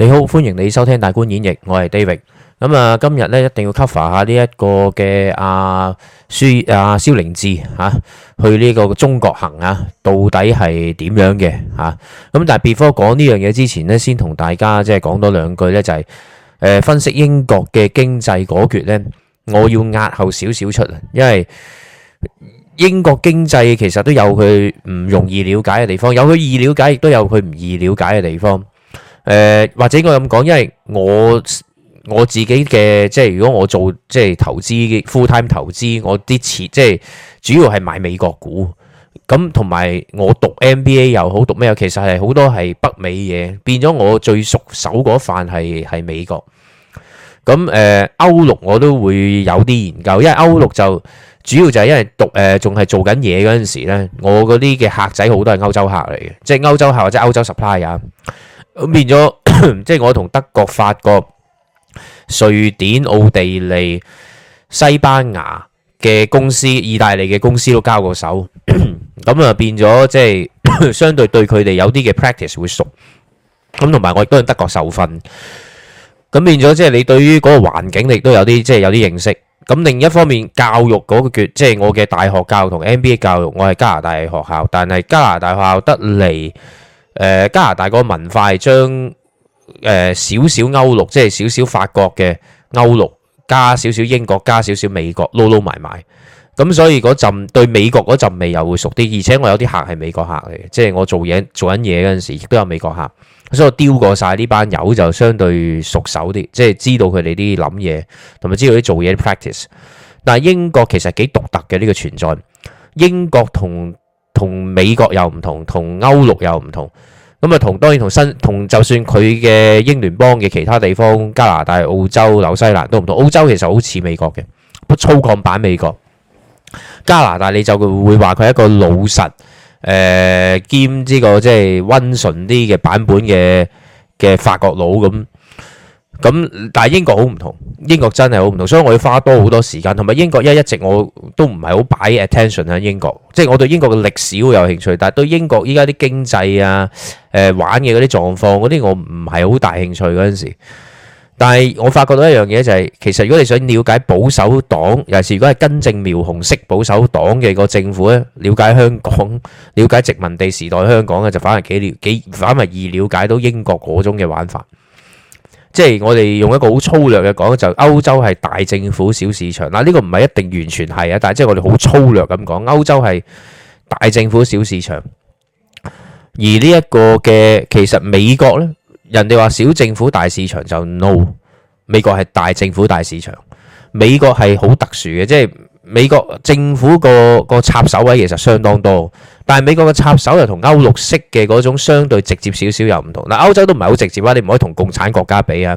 你好，歡迎你收聽大觀演繹，我係 David。咁啊，今日咧一定要 cover 下呢一個嘅阿舒阿蕭凌志吓去呢個中國行啊，到底係點樣嘅吓？咁但係 before 講呢樣嘢之前咧，先同大家即係講多兩句咧，就係誒分析英國嘅經濟嗰橛咧，我要押後少少出，因為英國經濟其實都有佢唔容易了解嘅地方，有佢易了解，亦都有佢唔易了解嘅地方。誒、呃，或者我咁講，因為我我自己嘅即係如果我做即係投資 full time 投資，我啲錢即係主要係買美國股咁，同埋我讀 MBA 又好讀咩啊，其實係好多係北美嘢變咗。我最熟手嗰範係係美國咁。誒，歐、呃、陸我都會有啲研究，因為歐陸就主要就係因為讀誒仲係做緊嘢嗰陣時咧，我嗰啲嘅客仔好多係歐洲客嚟嘅，即係歐洲客或者歐洲 supplier。咁變咗，即係我同德國、法國、瑞典、奧地利、西班牙嘅公司、意大利嘅公司都交過手，咁啊變咗即係相對對佢哋有啲嘅 practice 會熟，咁同埋我亦都喺德國受訓，咁變咗即係你對於嗰個環境你亦都有啲即係有啲認識，咁另一方面教育嗰個叫即係我嘅大學教育同 MBA 教育，我係加拿大學校，但係加拿大學校得嚟。加拿大嗰個文化係將、呃、少少歐陸，即係少少法國嘅歐陸加少少英國加少少美國撈撈埋埋，咁所以嗰陣對美國嗰陣味又會熟啲。而且我有啲客係美國客嚟嘅，即係我做嘢做緊嘢嗰陣時，亦都有美國客，所以我丟過晒呢班友就相對熟手啲，即係知道佢哋啲諗嘢，同埋知道啲做嘢 practice。但係英國其實幾獨特嘅呢個存在，英國同同美國又唔同，同歐陸又唔同。咁啊，同當然同新同就算佢嘅英聯邦嘅其他地方，加拿大、澳洲、紐西蘭都唔同。澳洲其實好似美國嘅，不粗獷版美國。加拿大你就會話佢係一個老實，誒、呃、兼呢個即係溫順啲嘅版本嘅嘅法國佬咁。咁但係英國好唔同，英國真係好唔同，所以我要花多好多時間。同埋英國因為一直我都唔係好擺 attention 喺英國，即係我對英國嘅歷史好有興趣，但係對英國依家啲經濟啊、誒玩嘅嗰啲狀況嗰啲，我唔係好大興趣嗰陣時。但係我發覺到一樣嘢就係，其實如果你想了解保守黨，尤其是如果係根正苗紅式保守黨嘅個政府咧，了解香港、了解殖民地時代香港嘅，就反而幾了幾反而易了解到英國嗰種嘅玩法。即係我哋用一個好粗略嘅，講就歐洲係大政府小市場嗱，呢個唔係一定完全係啊，但係即係我哋好粗略咁講，歐洲係大政府小市場，而呢一個嘅其實美國呢，人哋話小政府大市場就 no 美國係大政府大市場，美國係好特殊嘅，即係。美國政府個個插手位其實相當多，但係美國嘅插手又同歐陸式嘅嗰種相對直接少少又唔同。嗱，歐洲都唔係好直接啊，你唔可以同共產國家比啊。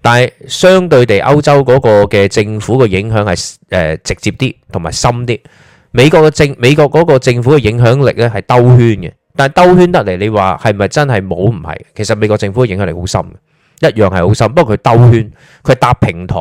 但係相對地，歐洲嗰個嘅政府嘅影響係誒直接啲同埋深啲。美國嘅政美國嗰個政府嘅影響力咧係兜圈嘅，但係兜圈得嚟，你話係咪真係冇？唔係，其實美國政府嘅影響力好深，一樣係好深。不過佢兜圈，佢搭平台，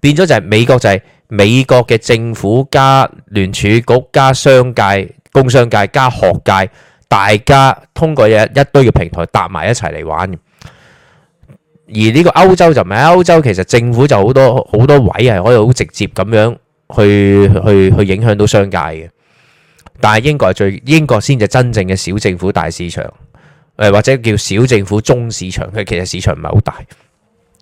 變咗就係美國就係。美國嘅政府加聯儲局加商界、工商界加學界，大家通過一堆嘅平台搭埋一齊嚟玩。而呢個歐洲就唔係，歐洲其實政府就好多好多位係可以好直接咁樣去去去影響到商界嘅。但係英國係最英國先至真正嘅小政府大市場，誒或者叫小政府中市場，佢其實市場唔係好大，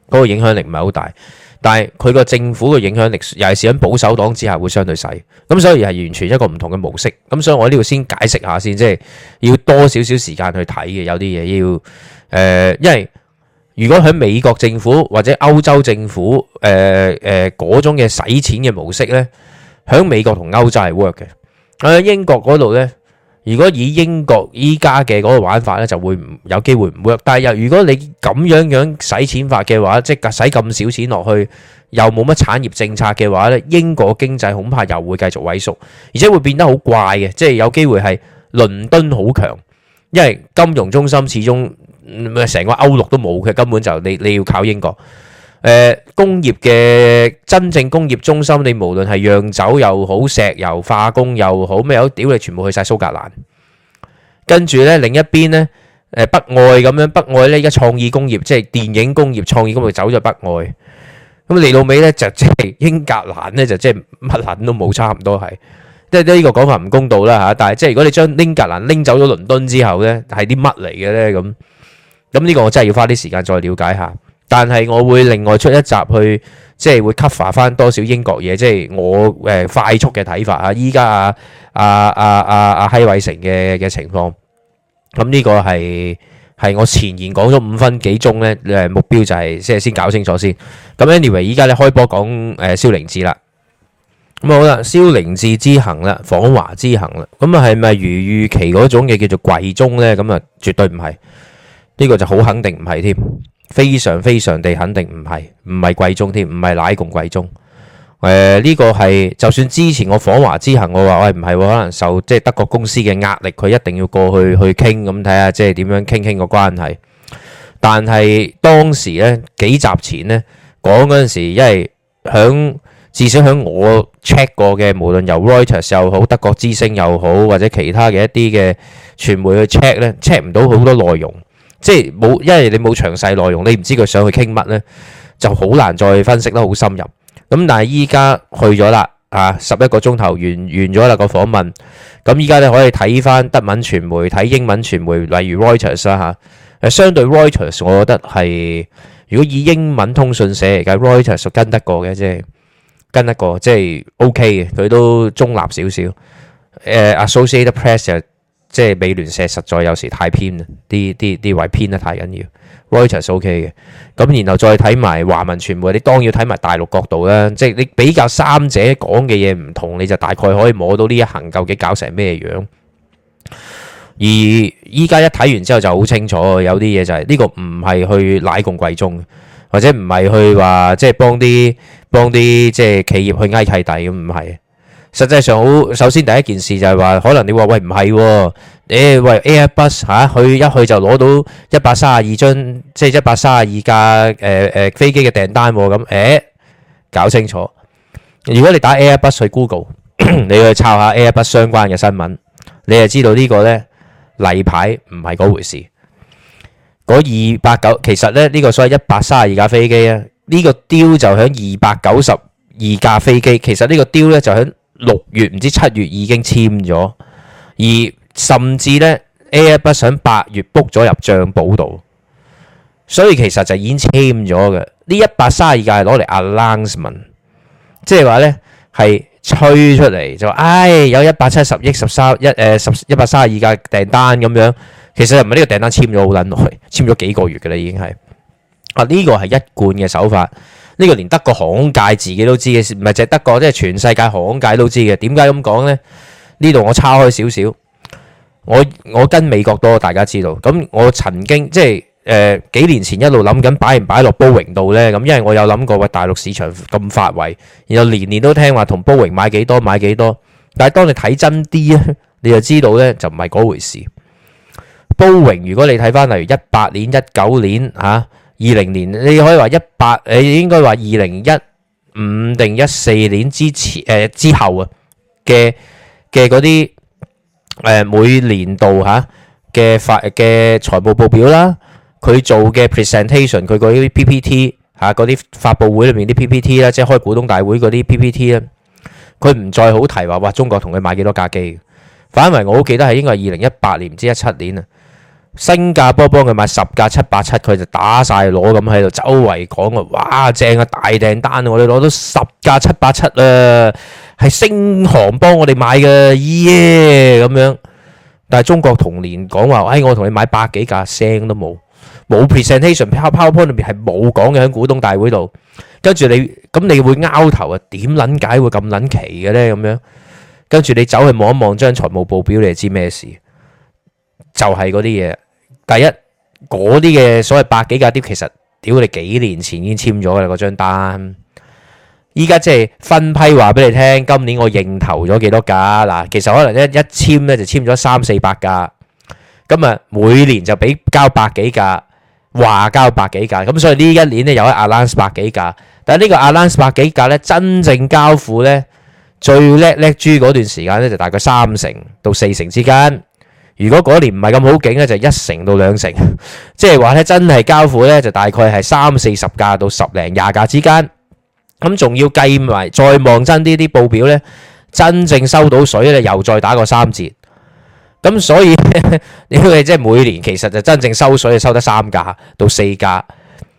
嗰個影響力唔係好大。但係佢個政府嘅影響力，尤其是喺保守黨之下會相對細，咁所以係完全一個唔同嘅模式。咁所以我呢度先解釋下先，即係要多少少時間去睇嘅，有啲嘢要誒、呃，因為如果喺美國政府或者歐洲政府誒誒嗰種嘅使錢嘅模式咧，喺美國同歐洲係 work 嘅，喺英國嗰度咧。如果以英國依家嘅嗰個玩法咧，就會有機會唔會。但係又如果你咁樣樣使錢法嘅話，即係使咁少錢落去，又冇乜產業政策嘅話咧，英國經濟恐怕又會繼續萎縮，而且會變得好怪嘅，即係有機會係倫敦好強，因為金融中心始終成個歐陸都冇，佢根本就你你要靠英國。誒，工業嘅真正工業中心，你無論係釀酒又好，石油化工又好，咩好屌，你全部去晒蘇格蘭。跟住咧，另一邊咧，誒北愛咁樣，北愛咧而家創意工業，即係電影工業、創意工業走咗北愛。咁你老味咧就即係英格蘭咧就即係乜捻都冇，差唔多係，即係呢個講法唔公道啦吓。但係即係如果你將英格蘭拎走咗倫敦之後咧，係啲乜嚟嘅咧咁？咁呢個我真係要花啲時間再了解下。但係我會另外出一集去，即係會 cover 翻多少英國嘢，即係我誒快速嘅睇法啊！依家啊啊啊啊啊，希偉成嘅嘅情況，咁、這、呢個係係我前言講咗五分幾鐘咧，誒目標就係即係先搞清楚先。咁 Anyway，依家咧開波講誒蕭凌志啦，咁好啦，蕭凌志之行啦，訪華之行啦，咁啊係咪如預期嗰種嘢叫做貴中咧？咁啊絕對唔係。呢個就好肯定唔係添，非常非常地肯定唔係，唔係貴宗添，唔係奶共貴宗。誒呢、呃這個係就算之前我訪華之行，我話喂唔係，可能受即係德國公司嘅壓力，佢一定要過去去傾咁睇下，即係點樣傾傾個關係。但係當時呢，幾集前呢，講嗰陣時，因為響至少響我 check 過嘅，無論由 Reuters 又好，德國之星又好，或者其他嘅一啲嘅傳媒去 check 呢，check 唔到好多內容。即係冇，因為你冇詳細內容，你唔知佢想去傾乜咧，就好難再分析得好深入。咁但係依家去咗啦，啊十一個鐘頭完完咗啦個訪問。咁依家咧可以睇翻德文傳媒，睇英文傳媒，例如 Reuters 啦、啊、嚇。誒、啊，相對 Reuters，我覺得係如果以英文通訊社嚟計，Reuters 跟得過嘅，即係跟得過，即係 OK 嘅。佢都中立少少。誒，Associated Press 啊。即係美聯社實在有時太偏啦，啲啲啲位偏得太緊要。Reuters OK 嘅，咁然後再睇埋華文傳媒，你當要睇埋大陸角度啦。即係你比較三者講嘅嘢唔同，你就大概可以摸到呢一行究竟搞成咩樣。而依家一睇完之後就好清楚，有啲嘢就係呢個唔係去奶共貴宗，或者唔係去話即係幫啲幫啲即係企業去挨契弟咁，唔係。實際上好，首先第一件事就係話，可能你話喂唔係喎，誒、哦欸、喂 Airbus 吓，佢、啊、一去就攞到一百三十二張，即係一百三十二架誒誒、呃、飛機嘅訂單咁、哦，誒、欸、搞清楚。如果你打 Airbus 去 Google， 你去抄下 Airbus 相關嘅新聞，你就知道個呢個咧例牌唔係嗰回事。嗰二百九其實咧呢、這個所謂一百三十二架飛機啊，呢、這個 deal 就響二百九十二架飛機，其實呢個 deal 咧就響。六月唔知七月已經簽咗，而甚至咧，Airbus 想八月 book 咗入帳簿度，所以其實就已經簽咗嘅。呢一百三十二架係攞嚟 announcement，即係話咧係吹出嚟就，唉，有一百七十億十三一誒十一百三十二架訂單咁樣，其實唔係呢個訂單簽咗好撚耐，簽咗幾個月嘅啦已經係，啊呢個係一貫嘅手法。呢個連德國航空界自己都知嘅事，唔係淨係德國，即係全世界航空界都知嘅。點解咁講呢？呢度我差開少少，我我跟美國多，大家知道。咁我曾經即係誒、呃、幾年前一路諗緊擺唔擺落波榮度呢。咁因為我有諗過，喂，大陸市場咁發圍，然後年年都聽話同波榮買幾多買幾多。但係當你睇真啲啊，你就知道呢就唔係嗰回事。波榮，如果你睇翻例如一八年、一九年嚇。啊二零年你可以話一八，你應該話二零一五定一四年之前誒、呃、之後啊嘅嘅嗰啲誒每年度吓嘅發嘅財、啊、務報表啦，佢做嘅 presentation，佢嗰啲 PPT 吓嗰啲發佈會裏面啲 PPT 啦，即係開股東大會嗰啲 PPT 啦，佢唔再好提話話中國同佢買幾多架機，反為我好記得係應該係二零一八年唔知一七年啊。新加坡幫佢買十架七八七，佢就打晒鑼咁喺度周圍講啊，哇正啊大訂單啊，我哋攞到十架七八七啦，係星航幫我哋買嘅，yeah 咁樣。但係中國同年講話，哎我同你買百幾架聲都冇，冇 presentation PowerPoint 裏邊係冇講嘅，喺股東大會度。跟住你咁你會拗頭啊？點捻解會咁捻奇嘅咧？咁樣，跟住你走去望一望張財務報表，你就知咩事，就係嗰啲嘢。第一，嗰啲嘅所謂百幾架啲，其實屌你幾年前已經簽咗嘅啦，嗰張單。依家即係分批話俾你聽，今年我應投咗幾多架。嗱，其實可能一一簽咧就簽咗三四百架，咁啊每年就俾交百幾架，話交百幾架，咁所以呢一年咧又係 a d 百幾架，但係呢個阿 d v 百幾架咧，真正交付咧最叻叻豬嗰段時間咧，就大概三成到四成之間。如果嗰年唔係咁好景咧，就一成到兩成，即係話咧，真係交付咧就大概係三四十架到十零廿架之間。咁仲要計埋再望真啲啲報表咧，真正收到水咧又再打個三折。咁所以你即係每年其實就真正收水係收得三架到四架。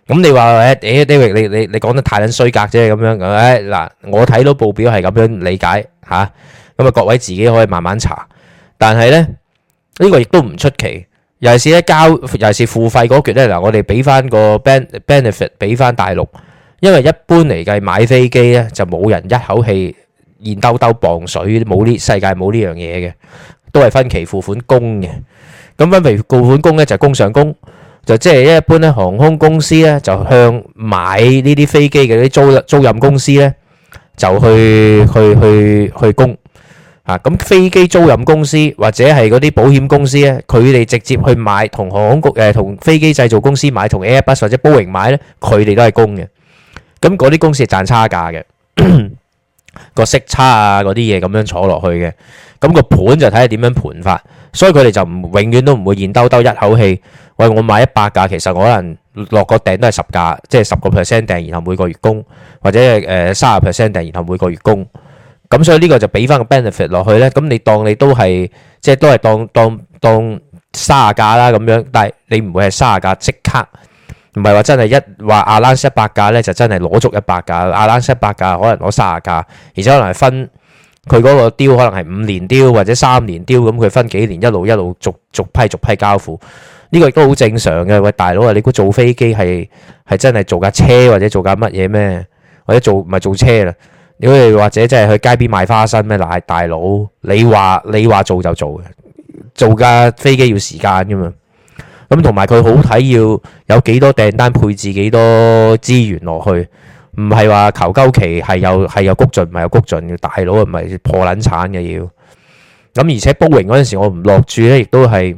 咁你話誒，David，你你你講得太撚衰格啫，咁樣係咪嗱？我睇到報表係咁樣理解吓，咁啊各位自己可以慢慢查，但係咧。呢個亦都唔出奇，尤其是咧交，尤其是付費嗰橛咧。嗱，我哋俾翻個 benefit 俾翻大陸，因為一般嚟計買飛機咧就冇人一口氣現兜兜磅水，冇呢世界冇呢樣嘢嘅，都係分期付款供嘅。咁分期付款供咧就係供上供，就即係一般咧航空公司咧就向買呢啲飛機嘅啲租租賃公司咧就去去去去供。啊，咁飛機租賃公司或者係嗰啲保險公司咧，佢哋直接去買同航空局，誒同飛機製造公司買，同 Airbus 或者 Boeing 買咧，佢哋都係供嘅。咁嗰啲公司係賺差價嘅，個息差啊嗰啲嘢咁樣坐落去嘅。咁個盤就睇下點樣盤法，所以佢哋就唔永遠都唔會現兜兜一口氣。喂，我買一百架，其實我可能落個訂都係十架，即係十個 percent 訂，然後每個月供，或者誒三十 percent 訂，然後每個月供。咁所以呢個就俾翻個 benefit 落去咧，咁你當你都係即係都係當當當三廿架啦咁樣，但係你唔會係三廿架即刻，唔係話真係一話亞蘭 s e 一百架咧就真係攞足一百架，亞蘭 s e 一百架可能攞三廿架，而且可能係分佢嗰個雕可能係五年雕或者三年雕咁，佢分幾年一路一路逐逐批逐批交付，呢、這個亦都好正常嘅。喂，大佬啊，你估做飛機係係真係做架車或者做架乜嘢咩？或者做唔係做車啦？你或者即係去街邊賣花生咩？嗱，大佬，你話你話做就做嘅，做架飛機要時間噶嘛？咁同埋佢好睇要有幾多訂單配置幾多資源落去，唔係話求鳩期，係有係又谷盡，唔係有谷盡嘅，大佬唔係破撚產嘅要。咁而且波音嗰陣時我唔落注咧，亦都係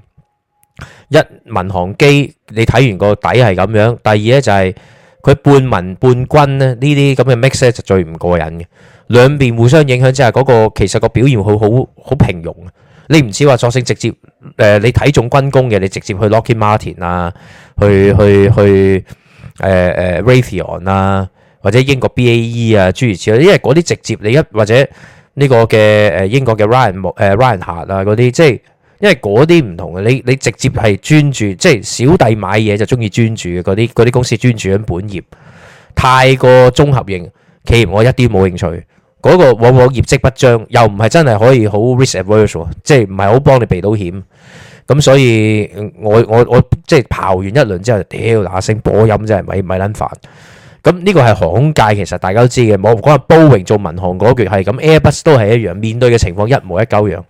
一民航機，你睇完個底係咁樣。第二咧就係、是。佢半民半軍咧，呢啲咁嘅 mix 就最唔過癮嘅。兩邊互相影響之下，嗰個其實個表現好好好平庸啊。你唔似話索性直接誒、呃，你睇中軍工嘅，你直接去 Lockheed Martin 啊，去去去誒誒 Raytheon 啊，呃、Ray on, 或者英國 B A E 啊諸如此類，因為嗰啲直接你一或者呢個嘅誒英國嘅 Ryan 誒 Ryan 啊嗰啲即係。因為嗰啲唔同嘅，你你直接係專注，即係小弟買嘢就中意專注嘅嗰啲啲公司專注喺本業，太過綜合型企業，我一啲冇興趣。嗰、嗰個往往業績不彰，又唔係真係可以好 risk averse 即係唔係好幫你避到險。咁所以我，我我我即係刨完一輪之後，屌、呃、嗱聲波音真係咪咪撚煩。咁呢個係航空界，其實大家都知嘅。我唔講阿煲榮做民航嗰橛係咁，Airbus 都係一樣面對嘅情況一模一鳩樣。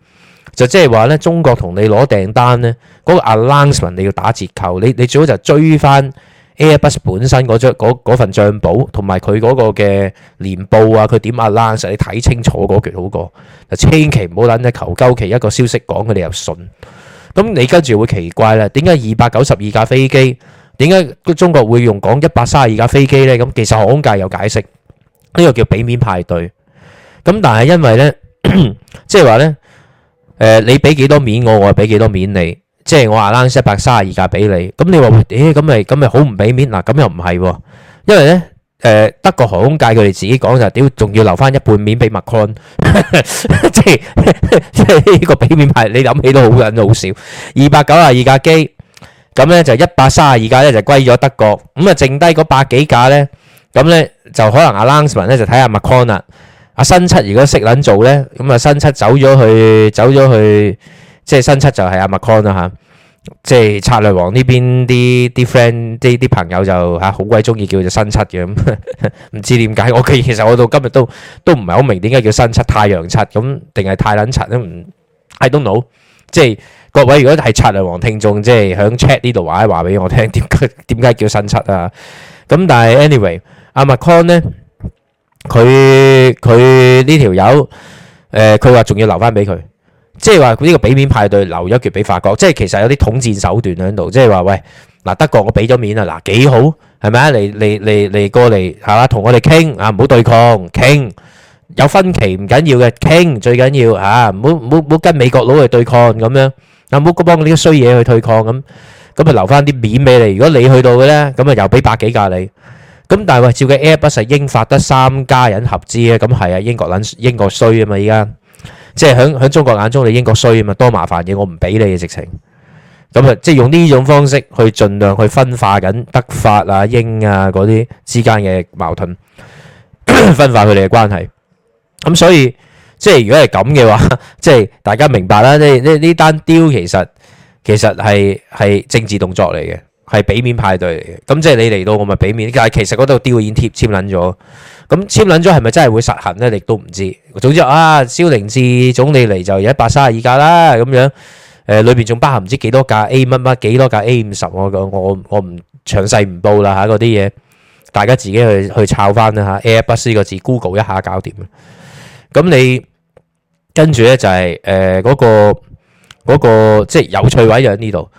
就即係話咧，中國同你攞訂單咧，嗰、那個 alignment 你要打折扣，你你最好就追翻 Airbus 本身嗰張嗰份賬簿，同埋佢嗰個嘅年報啊，佢點 alignment 你睇清楚嗰橛好過。嗱，千祈唔好撚一求鳩其一個消息講佢哋又信咁，你跟住會奇怪啦。點解二百九十二架飛機？點解中國會用講一百三十二架飛機呢？咁其實行界有解釋，呢個叫俾面派對。咁但係因為呢，即係話呢。誒你俾幾多面我，我俾幾多面你，即係我阿 Scholz 一百三十二架俾你，咁你話誒咁咪咁咪好唔俾面嗱，咁又唔係喎，因為咧誒德國航空界佢哋自己講就屌，仲要留翻一半面俾 Macron，即係即係呢個俾面派，你諗起都好引得好少，二百九十二架機，咁咧就一百三十二架咧就歸咗德國，咁啊剩低嗰百幾架咧，咁咧就可能阿 Scholz 咧就睇下 Macron。啊新七如果識捻做咧，咁啊新七走咗去，走咗去，即係新七就係阿麥 con 啦，吓，即係策略王呢邊啲啲 friend，即係啲朋友就吓好鬼中意叫做新七嘅。咁唔知點解我其實我到今日都都唔係好明點解叫新七太陽七咁，定係太捻七都唔，I don't know，即係各位如果係策略王聽眾，即係響 chat 呢度話一話俾我聽，點解點解叫新七啊？咁但係 anyway，阿麥 con 咧。佢佢呢條友誒，佢話仲要留翻俾佢，即係話佢呢個俾面派對留咗一橛俾法國，即係其實有啲統戰手段喺度，即係話喂嗱德國我俾咗面啊，嗱幾好係咪啊？嚟嚟嚟嚟，過嚟係嘛，同我哋傾啊，唔好對抗，傾，有分歧唔緊要嘅，傾最緊要吓，唔好唔好唔好跟美國佬去對抗咁樣啊，唔好嗰幫嗰啲衰嘢去對抗咁，咁啊留翻啲面俾你，如果你去到嘅咧，咁啊又俾百幾架你。咁但係喂，照佢 Airbus 實，英法德三家人合資咧，咁係啊，英國撚英國衰啊嘛，依家即係喺喺中國眼中，你英國衰啊嘛，多麻煩嘢，我唔俾你直情。咁啊，即係用呢種方式去盡量去分化緊德法啊、英啊嗰啲之間嘅矛盾，分化佢哋嘅關係。咁所以即係如果係咁嘅話，即係大家明白啦，呢呢呢單 deal 其實其實係係政治動作嚟嘅。係俾面派對嚟嘅，咁即係你嚟到我咪俾面。但係其實嗰度吊演貼簽撚咗，咁簽撚咗係咪真係會實行咧？你都唔知。總之啊，蕭凌志總理嚟就一百三十二架啦，咁樣誒，裏邊仲包含唔知幾多架 A 乜乜，幾多架 A 五十我我我唔詳細唔報啦嚇，嗰啲嘢大家自己去去抄翻啦嚇，Airbus 個字 Google 一下搞掂。咁、啊、你跟住咧就係誒嗰個嗰、嗰個即係有趣位就喺呢度。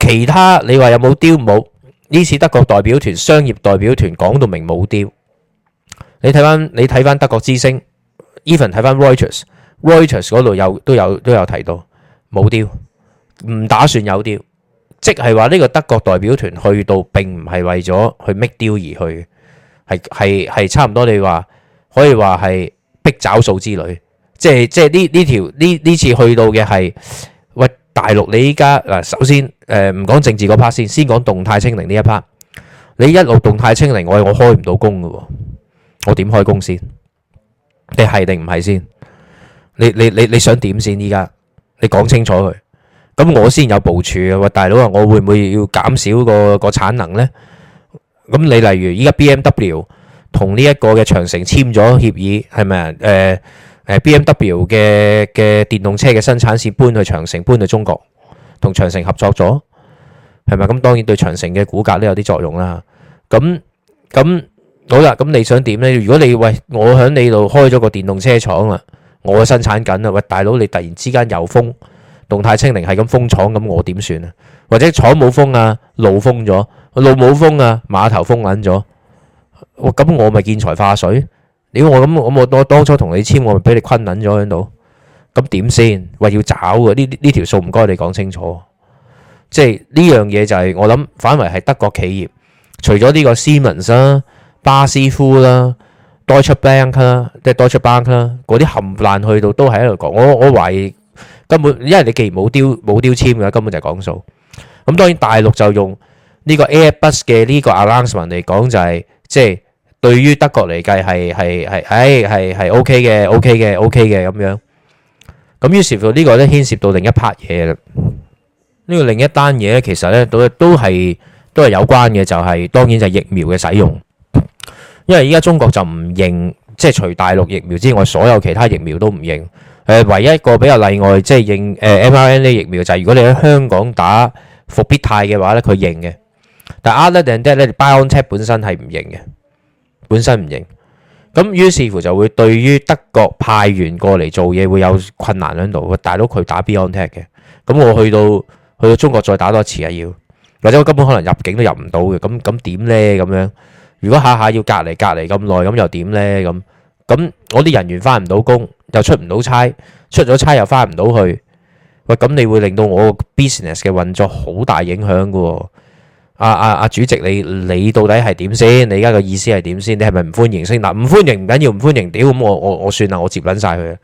其他你話有冇 deal 冇？呢次德國代表團、商業代表團講到明冇 deal。你睇翻你睇翻德國之聲 even 睇翻 Reuters Reuters 嗰度有都有都有，都有提到冇 deal。唔打算有 deal，即係話呢個德國代表團去到，並唔係為咗去 make deal 而去嘅，係係係差唔多你。你話可以話係逼找數之旅，即係即係呢呢條呢呢次去到嘅係。大陸，你依家嗱，首先誒，唔講政治嗰 part 先，先講動態清零呢一 part。你一路動態清零，我我開唔到工噶，我點開工先？你係定唔係先？你你你你想點先？依家你講清楚佢，咁我先有部署啊！喂，大佬啊，我會唔會要減少個個產能咧？咁你例如依家 BMW 同呢一個嘅長城簽咗協議，係咪啊？誒。誒 BMW 嘅嘅電動車嘅生產線搬去長城，搬去中國，同長城合作咗，係咪？咁當然對長城嘅股價都有啲作用啦。咁咁好啦，咁你想點咧？如果你喂我喺你度開咗個電動車廠啦，我生產緊啦，喂大佬，你突然之間又封動態清零，係咁封廠，咁我點算啊？或者廠冇封啊，路封咗，路冇封啊，碼頭封撚咗，我咁我咪見財化水。如果我諗我當當初同你簽，我咪俾你困撚咗喺度，咁點先？喂，要找嘅呢呢條數唔該你講清楚，即係呢樣嘢就係我諗反為係德國企業，除咗呢個 Siemens 啦、巴斯夫啦、Deutsche Bank 啦，即係 Deutsche Bank 啦，嗰啲冚爛去到都係喺度講，我我懷疑根本，因為你既然冇丟冇丟簽嘅話，根本就係講數。咁當然大陸就用呢個 Airbus 嘅呢個 Arrangement 嚟講就係即係。對於德國嚟計係係係，唉係係 OK 嘅，OK 嘅，OK 嘅咁樣。咁於是乎呢個咧牽涉到另一 part 嘢啦。呢個另一單嘢咧，其實咧都都係都係有關嘅，就係當然就係疫苗嘅使用，因為而家中國就唔認，即係除大陸疫苗之外，所有其他疫苗都唔認。誒，唯一一個比較例外，即係認誒 mRNA 疫苗就係如果你喺香港打伏必泰嘅話咧，佢認嘅。但係 other than that 咧，BioNTech 本身係唔認嘅。本身唔認，咁於是乎就會對於德國派員過嚟做嘢會有困難喺度。大佬佢打 BioNTech 嘅，咁我去到去到中國再打多次啊要，或者我根本可能入境都入唔到嘅。咁咁點呢？咁樣？如果下下要隔離隔離咁耐，咁又點呢？咁？咁我啲人員返唔到工，又出唔到差，出咗差又返唔到去。喂，咁你會令到我 business 嘅運作好大影響㗎喎。阿阿阿主席你，你你到底係點先？你而家個意思係點先？你係咪唔歡迎先？嗱，唔歡迎唔緊要，唔歡迎屌咁，我我我算啦，我接撚晒佢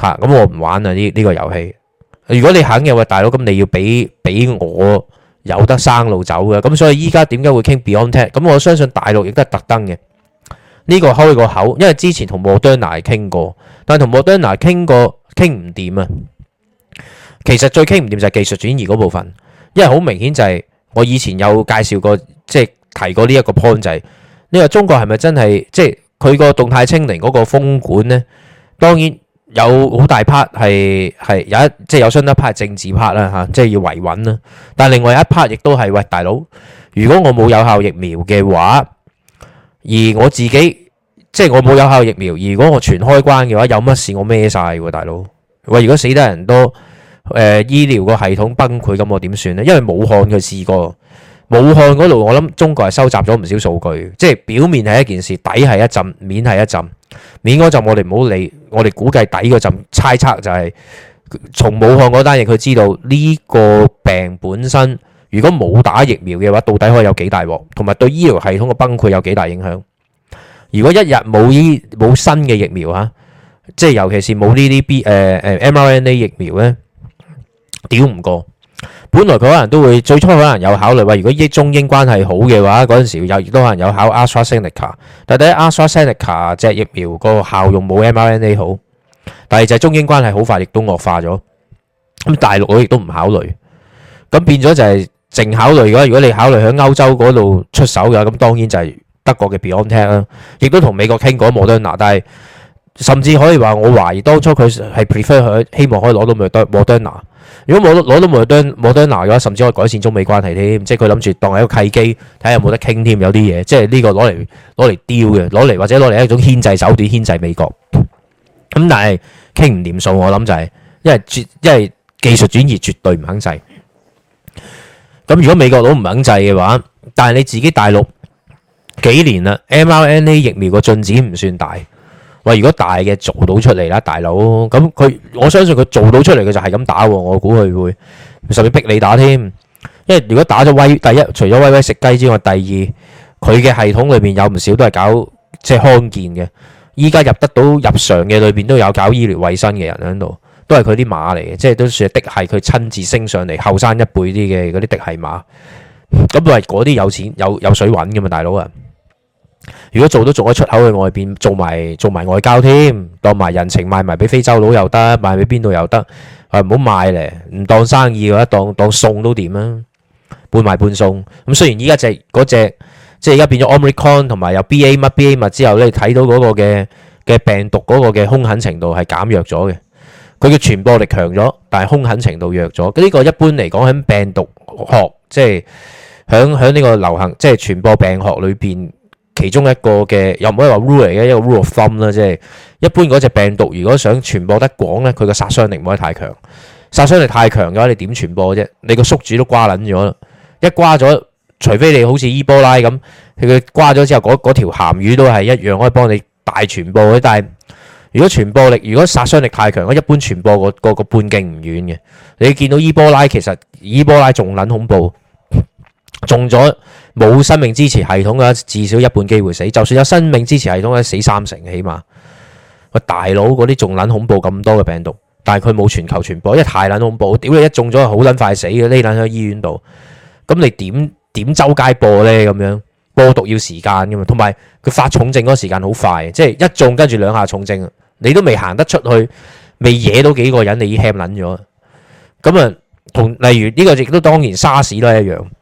嚇。咁、啊、我唔玩啦。呢呢、呢個遊戲，如果你肯嘅話，大佬咁你要俾俾我有得生路走嘅。咁所以依家點解會傾 BioNTech？咁我相信大陸亦都係特登嘅呢個開個口，因為之前同 Moderna 傾傾過，但係同 Moderna 傾過傾唔掂啊。其實最傾唔掂就係技術轉移嗰部分，因為好明顯就係、是。我以前有介紹過，即係提過呢一個 point 就係呢個中國係咪真係即係佢個動態清零嗰個風管呢，當然有好大 part 係係有一即係有相當一 part 政治 part 啦嚇，即係要維穩啦。但另外一 part 亦都係喂大佬，如果我冇有，有效疫苗嘅話，而我自己即係我冇有，有效疫苗，如果我全開關嘅話，有乜事我孭晒喎大佬。喂，如果死得人多？誒、呃、醫療個系統崩潰咁，我點算咧？因為武漢佢試過武漢嗰度，我諗中國係收集咗唔少數據，即係表面係一件事，底係一浸，面係一浸，面嗰浸，我哋唔好理，我哋估計底嗰浸猜測就係、是、從武漢嗰單嘢，佢知道呢個病本身，如果冇打疫苗嘅話，到底可以有幾大鑊，同埋對醫療系統嘅崩潰有幾大影響。如果一日冇醫冇新嘅疫苗吓，即係尤其是冇呢啲 B、呃、mRNA 疫苗咧。屌唔過，本來佢可能都會最初可能有考慮話，如果中英關係好嘅話，嗰陣時有亦都可能有考 AstraZeneca。但第一，AstraZeneca 隻疫苗個效用冇 mRNA 好，第二，就係中英關係好快亦都惡化咗。咁大陸我亦都唔考慮，咁變咗就係淨考慮。如果如果你考慮喺歐洲嗰度出手嘅話，咁當然就係德國嘅 BioNTech 啦，亦都同美國傾過 Moderna。但係甚至可以話，我懷疑當初佢係 prefer 響希望可以攞到 m o d e r Moderna。如果冇得攞到莫德納嘅話，甚至可以改善中美關係添，即係佢諗住當係一個契機，睇下有冇得傾添，有啲嘢，即係呢個攞嚟攞嚟丟嘅，攞嚟或者攞嚟一種牽制手段，牽制美國。咁但係傾唔掂數，我諗就係因為絕因為技術轉移絕對唔肯制。咁如果美國佬唔肯制嘅話，但係你自己大陸幾年啦，mRNA 疫苗個進展唔算大。喂，如果大嘅做到出嚟啦，大佬，咁佢我相信佢做到出嚟，佢就係咁打，我估佢會甚至逼你打添。因為如果打咗威，第一除咗威威食雞之外，第二佢嘅系統裏面有唔少都係搞即係康健嘅。依家入得到入常嘅裏邊都有搞醫療衛生嘅人喺度，都係佢啲馬嚟嘅，即係都算係的係佢親自升上嚟後生一輩啲嘅嗰啲的係馬。咁啊，嗰啲有錢有有水揾噶嘛，大佬啊！如果做都做咗出口去外邊，做埋做埋外交添，當埋人情賣埋俾非洲佬又得，賣俾邊度又得，誒唔好賣咧，唔當生意嘅，當當送都掂啊，半賣半送。咁雖然依家隻嗰隻即係而家變咗 Omicron 同埋有 B A 乜 B A 乜之後咧，你睇到嗰個嘅嘅病毒嗰個嘅凶狠程度係減弱咗嘅，佢嘅傳播力強咗，但係凶狠程度弱咗。呢個一般嚟講響病毒學，即係響響呢個流行即係傳播病學裏邊。其中一個嘅又唔可以話 rule 嚟嘅一個 rule of thumb 啦，即係一般嗰隻病毒，如果想傳播得廣咧，佢個殺傷力唔可以太強。殺傷力太強嘅話，你點傳播啫？你個宿主都瓜撚咗啦，一瓜咗，除非你好似伊波拉咁，佢瓜咗之後，嗰嗰條鹹魚都係一樣可以幫你大傳播嘅。但係如果傳播力，如果殺傷力太強嘅話，一般傳播個個半徑唔遠嘅。你見到伊波拉，其實伊波拉仲撚恐怖，中咗。冇生命支持系統嘅，至少一半機會死；就算有生命支持系統咧，死三成起碼。個大佬嗰啲仲撚恐怖咁多嘅病毒，但係佢冇全球傳播，因為太撚恐怖。屌你一中咗，好撚快死嘅，匿撚喺醫院度。咁你點點周街播呢？咁樣播毒要時間噶嘛，同埋佢發重症嗰個時間好快，即、就、係、是、一中跟住兩下重症，你都未行得出去，未惹到幾個人，你已 e a t 撚咗。咁啊，同例如呢、這個亦都當然沙士 r s 一樣。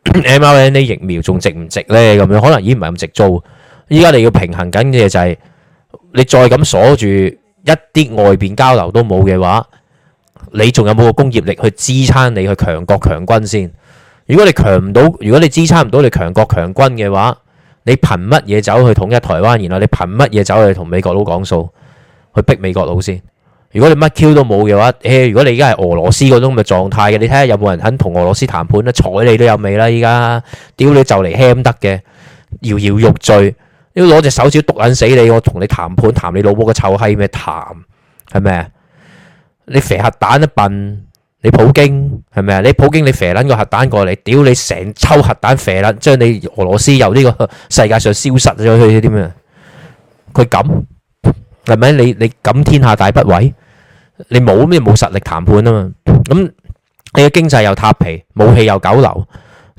m r n a 疫苗仲值唔值呢？咁樣可能已經唔係咁值租。依家你要平衡緊嘅嘢就係，你再咁鎖住一啲外邊交流都冇嘅話，你仲有冇個工業力去支撐你去強國強軍先？如果你強唔到，如果你支撐唔到你強國強軍嘅話，你憑乜嘢走去統一台灣？然後你憑乜嘢走去同美國佬講數，去逼美國佬先？如果你乜 Q 都冇嘅話，如果你而家係俄羅斯嗰種嘅狀態嘅，你睇下有冇人肯同俄羅斯談判咧？睬你都有味啦！依家，屌你就嚟輕得嘅，搖搖欲墜，要攞隻手指督撚死你，我同你談判，談你老母個臭閪咩談？係咪啊？你肥核彈一笨，你普京係咪啊？你普京你肥捻個核彈過嚟，屌你成抽核彈肥捻，將你俄羅斯由呢個世界上消失咗佢啲咩？佢敢係咪？你你敢天下大不韙？你冇咩冇實力談判啊嘛，咁你嘅經濟又塌皮，武器又九流，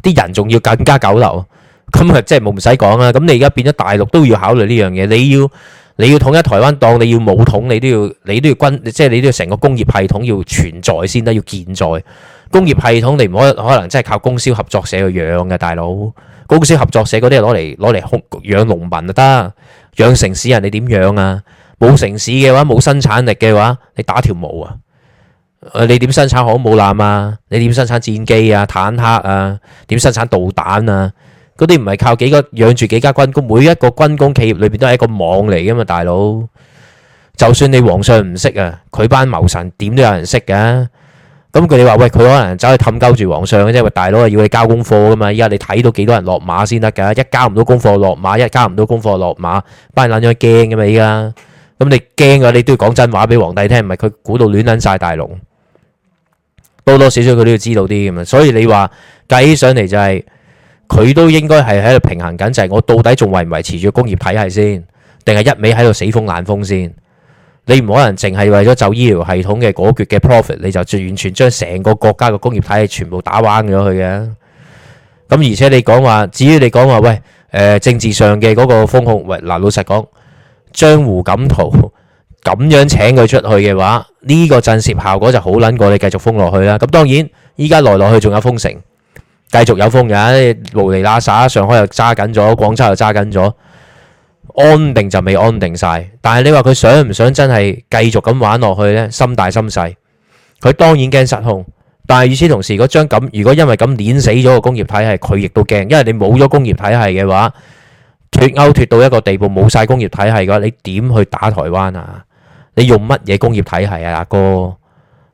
啲人仲要更加九流，咁啊，即係冇唔使講啦。咁你而家變咗大陸都要考慮呢樣嘢，你要你要統一台灣黨，你要武統，你都要你都要軍，即係你都要成個工業系統要存在先得，要健在。工業系統你唔可能可能真係靠供銷合作社去養嘅，大佬，供銷合作社嗰啲係攞嚟攞嚟養農民就得，養城市人你點養啊？冇城市嘅話，冇生產力嘅話，你打條毛啊！你點生產航母艦啊？你點生產戰機啊、坦克啊？點生產導彈啊？嗰啲唔係靠幾個養住幾家軍工，每一個軍工企業裏邊都係一個網嚟噶嘛，大佬。就算你皇上唔識啊，佢班謀臣點都有人識噶。咁佢哋話喂，佢可能走去探鳩住皇上嘅啫。喂，大佬啊，要你交功課噶嘛。依家你睇到幾多人落馬先得噶？一交唔到功課落馬，一交唔到功課落馬，班人捻咗驚噶嘛？依家。咁你驚嘅，你都要講真話俾皇帝聽，唔係佢估到亂捻晒大龍，多多少少佢都要知道啲咁啊。所以你話計起上嚟就係，佢都應該係喺度平衡緊，就係我到底仲維唔維持住工業體系先，定係一味喺度死風爛風先？你唔可能淨係為咗就醫療系統嘅嗰橛嘅 profit，你就完全將成個國家嘅工業體系全部打彎咗佢嘅。咁而且你講話，至於你講話，喂，誒，政治上嘅嗰個封控，喂，嗱，老實講。將胡錦濤咁樣請佢出去嘅話，呢個震懾效果就好撚過。你繼續封落去啦。咁當然，依家來落去仲有封城，繼續有封嘅。無釐啦撒，上海又揸緊咗，廣州又揸緊咗。安定就未安定晒。但係你話佢想唔想真係繼續咁玩落去呢？心大心細，佢當然驚失控。但係與此同時，如果將咁，如果因為咁碾死咗個工業體系，佢亦都驚。因為你冇咗工業體系嘅話。脱歐脱到一個地步，冇曬工業體系嘅話，你點去打台灣啊？你用乜嘢工業體系啊？阿哥，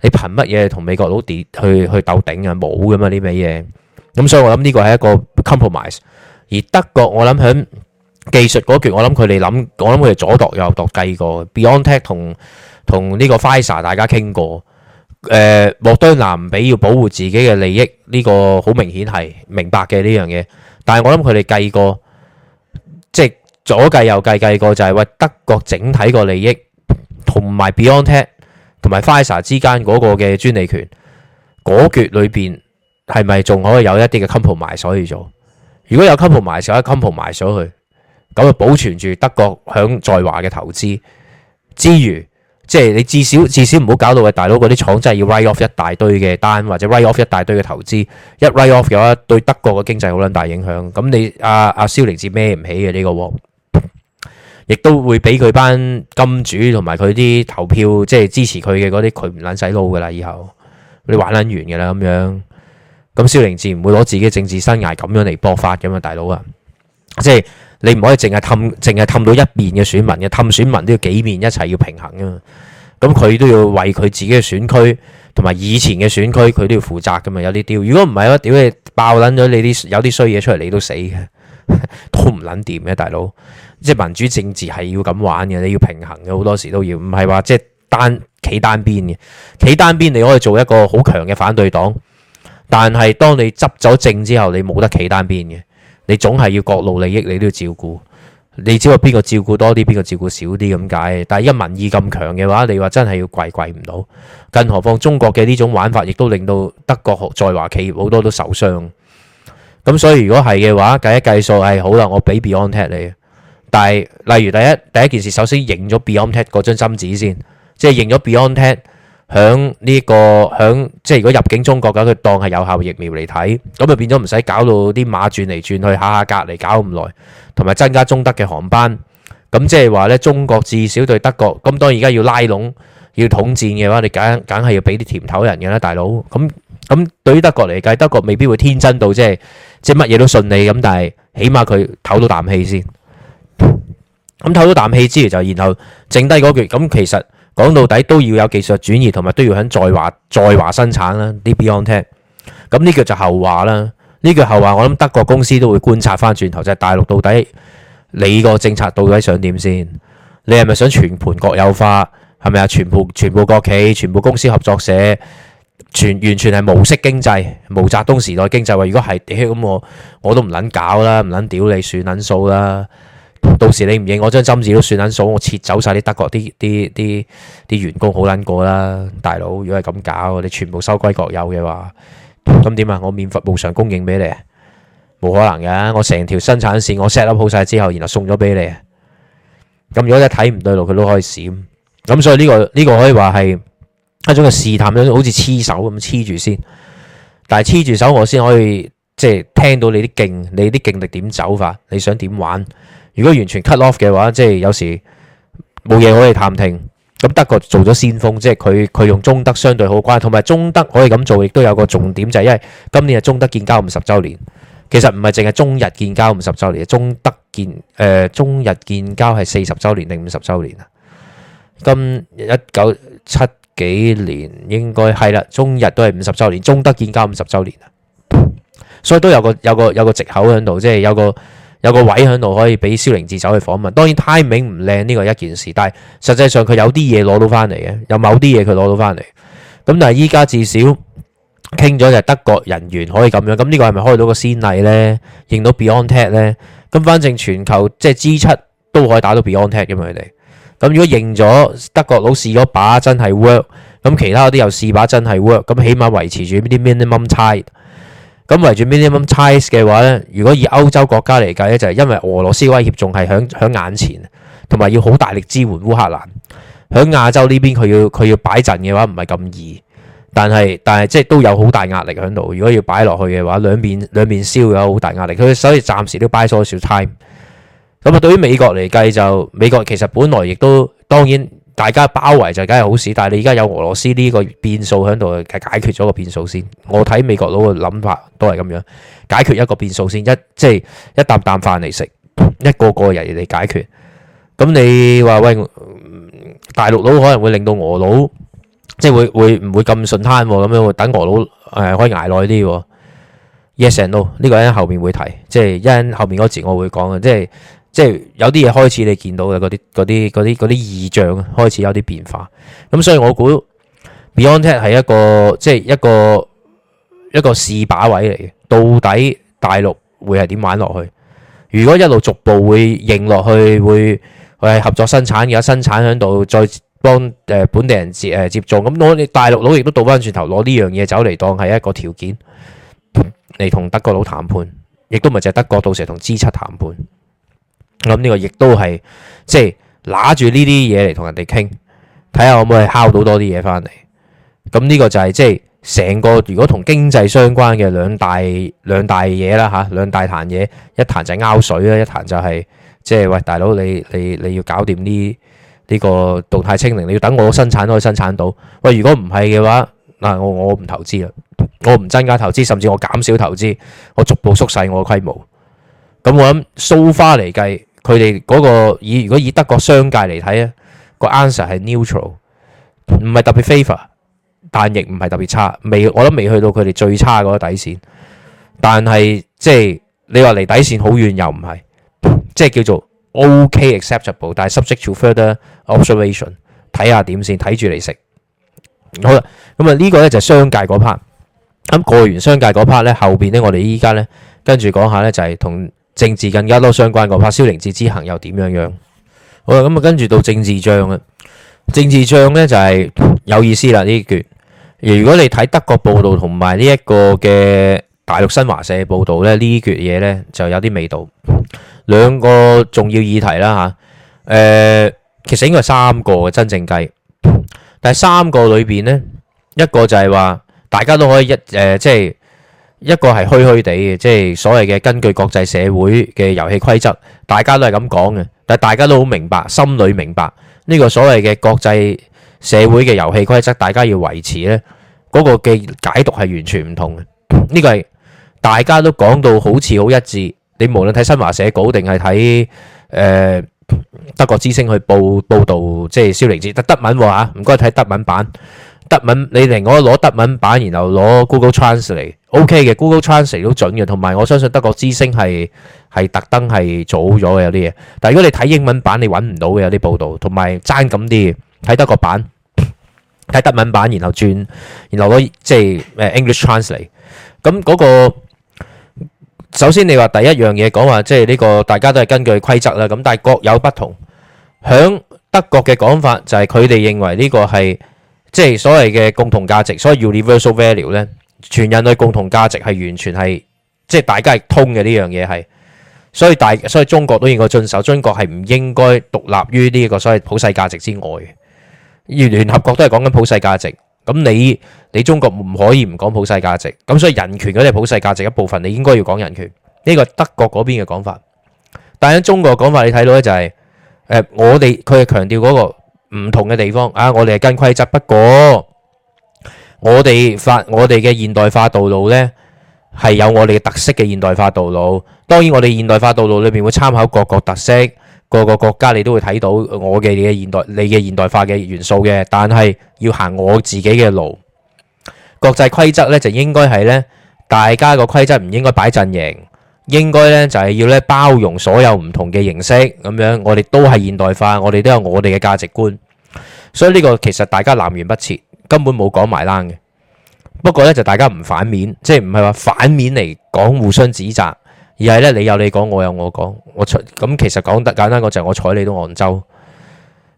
你憑乜嘢同美國佬跌去去鬥頂啊？冇噶嘛呢味嘢。咁所以我諗呢個係一個 compromise。而德國我諗響技術嗰橛，我諗佢哋諗，我諗佢哋左度右度計過。Beyond Tech 同同呢個 Pfizer 大家傾過。誒，莫德納唔俾要保護自己嘅利益呢個好明顯係明白嘅呢樣嘢，但係我諗佢哋計過。左計右計計過就係、是、喂德國整體個利益同埋 Beyond Tech 同埋 FISA 之間嗰個嘅專利權嗰橛裏邊係咪仲可以有一啲嘅 couple 埋，所以做如果有 couple 埋嘅時候，couple 埋咗佢，咁就，就保存住德國響在，在華嘅投資之餘，即係你至少至少唔好搞到嘅大佬嗰啲廠真係要 write off 一大堆嘅單或者 write off 一大堆嘅投資，一 write off 嘅話對德國嘅經濟好撚大影響。咁你阿阿、啊啊、蕭玲志孭唔起嘅呢、這個亦都會俾佢班金主同埋佢啲投票，即係支持佢嘅嗰啲，佢唔撚使撈噶啦，以後你玩撚完噶啦咁樣。咁蕭凌志唔會攞自己政治生涯咁樣嚟搏發嘅嘛，大佬啊！即係你唔可以淨係氹，淨係氹到一邊嘅選民嘅，氹選民都要幾面一齊要平衡啊！咁佢都要為佢自己嘅選區同埋以前嘅選區，佢都要負責嘅嘛，有啲屌。如果唔係啊，屌你爆撚咗你啲有啲衰嘢出嚟，你死 都死嘅。都唔撚掂嘅，大佬。即係民主政治係要咁玩嘅，你要平衡嘅，好多時都要唔係話即係單企單邊嘅。企單邊你可以做一個好強嘅反對黨，但係當你執咗政之後，你冇得企單邊嘅，你總係要各路利益，你都要照顧。你只不過邊個照顧多啲，邊個照顧少啲咁解。但係一民意咁強嘅話，你話真係要跪跪唔到。更何況中國嘅呢種玩法，亦都令到德國在華企業好多都受傷。咁所以如果係嘅話，計一計數係好啦，我俾 Beyond Tech 你。但係，例如第一第一件事，首先認咗 BioNTech 嗰張針紙先，即係認咗 BioNTech 響呢個響，即係如果入境中國嘅，佢當係有效疫苗嚟睇，咁就變咗唔使搞到啲馬轉嚟轉去下下隔離，搞咁耐，同埋增加中德嘅航班。咁即係話咧，中國至少對德國咁，當然而家要拉攏要統戰嘅話，你梗梗係要俾啲甜頭人嘅啦，大佬咁。咁對於德國嚟計，德國未必會天真到即係即係乜嘢都信你咁，但係起碼佢唞到啖氣先。咁透咗啖氣之餘，就然後剩低嗰句，咁其實講到底都要有技術轉移，同埋都要喺在華在華生產啦啲 Beyond Tech，咁呢句就後話啦，呢句後話我諗德國公司都會觀察翻轉頭，就係、是、大陸到底你個政策到底想點先？你係咪想全盤國有化？係咪啊？全部全部國企、全部公司合作社，全完全係模式經濟。毛澤東時代經濟話！如果係咁，哎，我我都唔撚搞啦，唔撚屌你，算撚數啦。到時你唔認我張針紙都算撚數，我切走晒啲德國啲啲啲啲員工好捻過啦，大佬。如果係咁搞，你全部收歸國有嘅話，咁點啊？我免費無償供應俾你，冇可能嘅。我成條生產線我 set up 好晒之後，然後送咗俾你。咁如果一睇唔對路，佢都可以閃。咁所以呢個呢個可以話係一種嘅試探，好似黐手咁黐住先。但係黐住手，我先可以即係聽到你啲勁，你啲勁力點走法，你想點玩？如果完全 cut off 嘅話，即係有時冇嘢可以探聽。咁德國做咗先鋒，即係佢佢用中德相對好關，同埋中德可以咁做，亦都有個重點，就係因為今年係中德建交五十週年。其實唔係淨係中日建交五十週年，中德建誒中日建交係四十週年定五十週年啊？今，一九七幾年應該係啦，中日都係五十週年，中德建交五十週年啊，所以都有個有個有個藉口喺度，即係有個。有個位喺度可以俾蕭凌志走去訪問，當然 timing 唔靚呢個一件事，但係實際上佢有啲嘢攞到翻嚟嘅，有某啲嘢佢攞到翻嚟。咁但係依家至少傾咗就係德國人員可以咁樣，咁呢個係咪開到個先例呢？認到 Beyond Tech 呢，咁反正全球即係支出都可以打到 Beyond Tech 嘅嘛佢哋。咁如果認咗德國佬試咗把真係 work，咁其他嗰啲又試把真係 work，咁起碼維持住啲 minimum tide。咁圍住 minimum ties 嘅話咧，如果以歐洲國家嚟計咧，就係因為俄羅斯威脅仲係喺喺眼前，同埋要好大力支援烏克蘭。喺亞洲呢邊佢要佢要擺陣嘅話，唔係咁易，但係但係即係都有好大壓力喺度。如果要擺落去嘅話，兩邊兩邊燒有好大壓力。佢所以暫時都 buy 咗少 time。咁啊，對於美國嚟計就美國其實本來亦都當然。大家包圍就梗係好事，但係你而家有俄羅斯呢個變數喺度，係解決咗個變數先。我睇美國佬嘅諗法都係咁樣解決一個變數先，一即係、就是、一啖啖飯嚟食，一個個人嚟解決。咁你話喂大陸佬可能會令到俄佬即係會會唔會咁順攤咁樣？等俄佬誒、呃、可以捱耐啲。 Yes and no，呢個喺後面會提，即係因後面嗰字我會講嘅，即係。即即係有啲嘢開始你，你見到嘅嗰啲啲啲啲異象，開始有啲變化。咁所以我估 BioNTech 係一個即係一個一個試把位嚟嘅。到底大陸會係點玩落去？如果一路逐步會認落去，會係合作生產，而家生產喺度，再幫誒本地人接誒接種。咁我哋大陸佬亦都倒翻轉頭攞呢樣嘢走嚟當係一個條件嚟同德國佬談判，亦都唔係淨係德國到時同 G7 談判。咁呢個亦都係即係拿住呢啲嘢嚟同人哋傾，睇下可唔可以敲到多啲嘢翻嚟？咁、這、呢個就係、是、即係成個如果同經濟相關嘅兩大兩大嘢啦吓，兩、啊、大壇嘢，一壇就係鈎水啦，一壇就係、是、即係喂大佬你你你要搞掂呢呢個動態清零，你要等我生產都可以生產到。喂，如果唔係嘅話，嗱我我唔投資啦，我唔增加投資，甚至我減少投資，我逐步縮細我嘅規模。咁我諗 so far 嚟計。佢哋嗰個以如果以德國商界嚟睇啊，個 answer 係 neutral，唔係特別 favor，但亦唔係特別差，未我都未去到佢哋最差嗰個底線。但係即係你話離底線好遠又唔係，即係叫做 OK acceptable，但係 subject to further observation，睇下點先，睇住嚟食。好啦，咁啊呢個咧就係商界嗰 part。咁過完商界嗰 part 咧，後邊咧我哋依家咧跟住講下咧就係同政治更加多相關個，拍《肖靈子之行》又點樣樣？好啦，咁啊，跟住到政治章啊，政治章咧就係有意思啦呢橛。如果你睇德國報道同埋呢一個嘅大陸新華社報道咧，呢橛嘢咧就有啲味道。兩個重要議題啦嚇，誒，其實應該係三個嘅真正計，但係三個裏邊咧，一個就係話大家都可以一誒，即係。一個係虛虛地嘅，即係所謂嘅根據國際社會嘅遊戲規則，大家都係咁講嘅。但係大家都好明白，心裏明白呢個所謂嘅國際社會嘅遊戲規則，大家要維持咧嗰個嘅解讀係完全唔同嘅。呢個係大家都講到好似好一致。你無論睇新華社稿定係睇誒德國之聲去報報道，即係蕭玲子德德文吓，唔該睇德文版德文。你另外攞德文版，然後攞 Google Translate 嚟。OK 嘅 Google Translate 都準嘅，同埋我相信德國之聲係，係特登係早咗嘅，有啲嘢，但係如果你睇英文版你揾唔到嘅有啲報道，同埋爭咁啲嘅，睇德國版睇德文版，然後轉然後攞即係誒 English translate。咁嗰個首先你話第一樣嘢講話即係呢個大家都係根據規則啦，咁但係各有不同。響德國嘅講法就係佢哋認為呢個係即係所謂嘅共同價值，所以 universal value 咧。全人類共同價值係完全係，即係大家係通嘅呢樣嘢係，所以大所以中國都應該遵守，中國係唔應該獨立於呢一個所謂普世價值之外嘅。而聯合國都係講緊普世價值，咁你你中國唔可以唔講普世價值，咁所以人權嗰啲係普世價值一部分，你應該要講人權。呢、這個德國嗰邊嘅講法，但係喺中國嘅講法你，就是，你睇到咧就係，欸我哋佢係強調嗰個唔同嘅地方啊，我哋係跟規則，不過。我哋法，我哋嘅現代化道路呢，係有我哋特色嘅現代化道路。當然，我哋現代化道路裏面會參考各個特色，各個國家你都會睇到我嘅你嘅現代你嘅現代化嘅元素嘅。但係要行我自己嘅路，國際規則呢，就應該係呢大家個規則，唔應該擺陣營，應該呢就係、是、要呢包容所有唔同嘅形式咁樣。我哋都係現代化，我哋都有我哋嘅價值觀。所以呢個其實大家南轅北轍。根本冇講埋單嘅，不過咧就大家唔反面，即係唔係話反面嚟講互相指責，而係咧你有你講，我有我講，我出咁其實講得簡單個就係我睬你到杭州，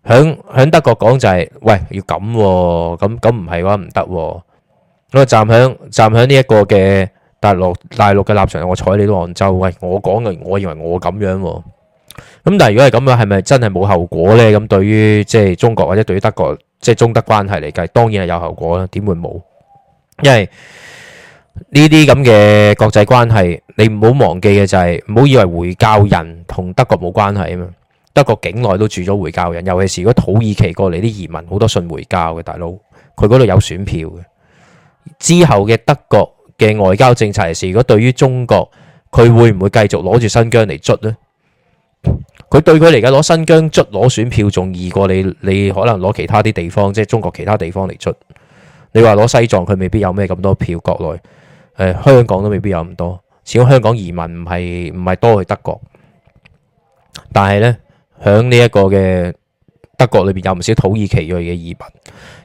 響響德國講就係喂，要咁咁咁，唔係話唔得，咁站響站響呢一個嘅大陸大陸嘅立場，我睬你到杭州，喂我講嘅，我認為我咁樣咁，但係如果係咁樣，係咪真係冇後果咧？咁對於即係中國或者對於德國？即係中德關係嚟計，當然係有效果啦。點會冇？因為呢啲咁嘅國際關係，你唔好忘記嘅就係唔好以為回教人同德國冇關係啊嘛。德國境內都住咗回教人，尤其是如果土耳其過嚟啲移民，好多信回教嘅大佬，佢嗰度有選票嘅。之後嘅德國嘅外交政策嚟、就係，如果對於中國，佢會唔會繼續攞住新疆嚟捽呢？佢對佢嚟講攞新疆卒，攞選票仲易過你，你可能攞其他啲地方，即係中國其他地方嚟卒。你話攞西藏，佢未必有咩咁多票。國內誒、呃、香港都未必有咁多。始終香港移民唔係唔係多去德國，但係呢，響呢一個嘅德國裏邊有唔少土耳其裔嘅移民，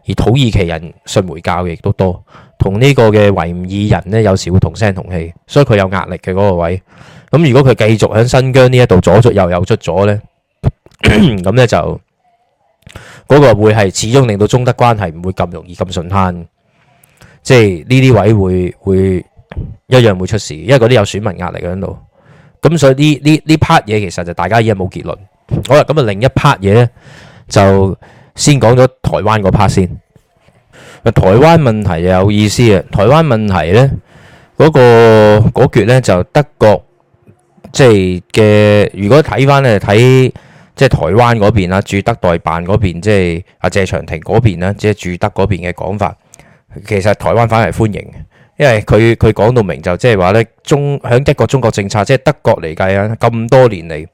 而土耳其人信回教嘅亦都多，同呢個嘅維吾爾人呢，有時會同聲同氣，所以佢有壓力嘅嗰個位。咁如果佢繼續喺新疆呢一度左出右又出咗呢，咁呢 就嗰、嗰個會係始終令到中德關係唔會咁容易咁順攤，即係呢啲位會會一樣會出事，因為嗰啲有選民壓力喺度。咁所以呢呢呢 part 嘢其實就大家已經冇結論。好啦，咁啊另一 part 嘢呢，那個那個、呢，就先講咗台灣嗰 part 先。台灣問題又有意思啊！台灣問題呢嗰個嗰決呢就德國。即係嘅，如果睇翻咧，睇即係台灣嗰邊啦，駐德代辦嗰邊，即係阿謝長廷嗰邊啦，即係駐德嗰邊嘅講法，其實台灣反而係歡迎，因為佢佢講到明就即係話咧，中響一個中國政策，即係德國嚟計啊，咁多年嚟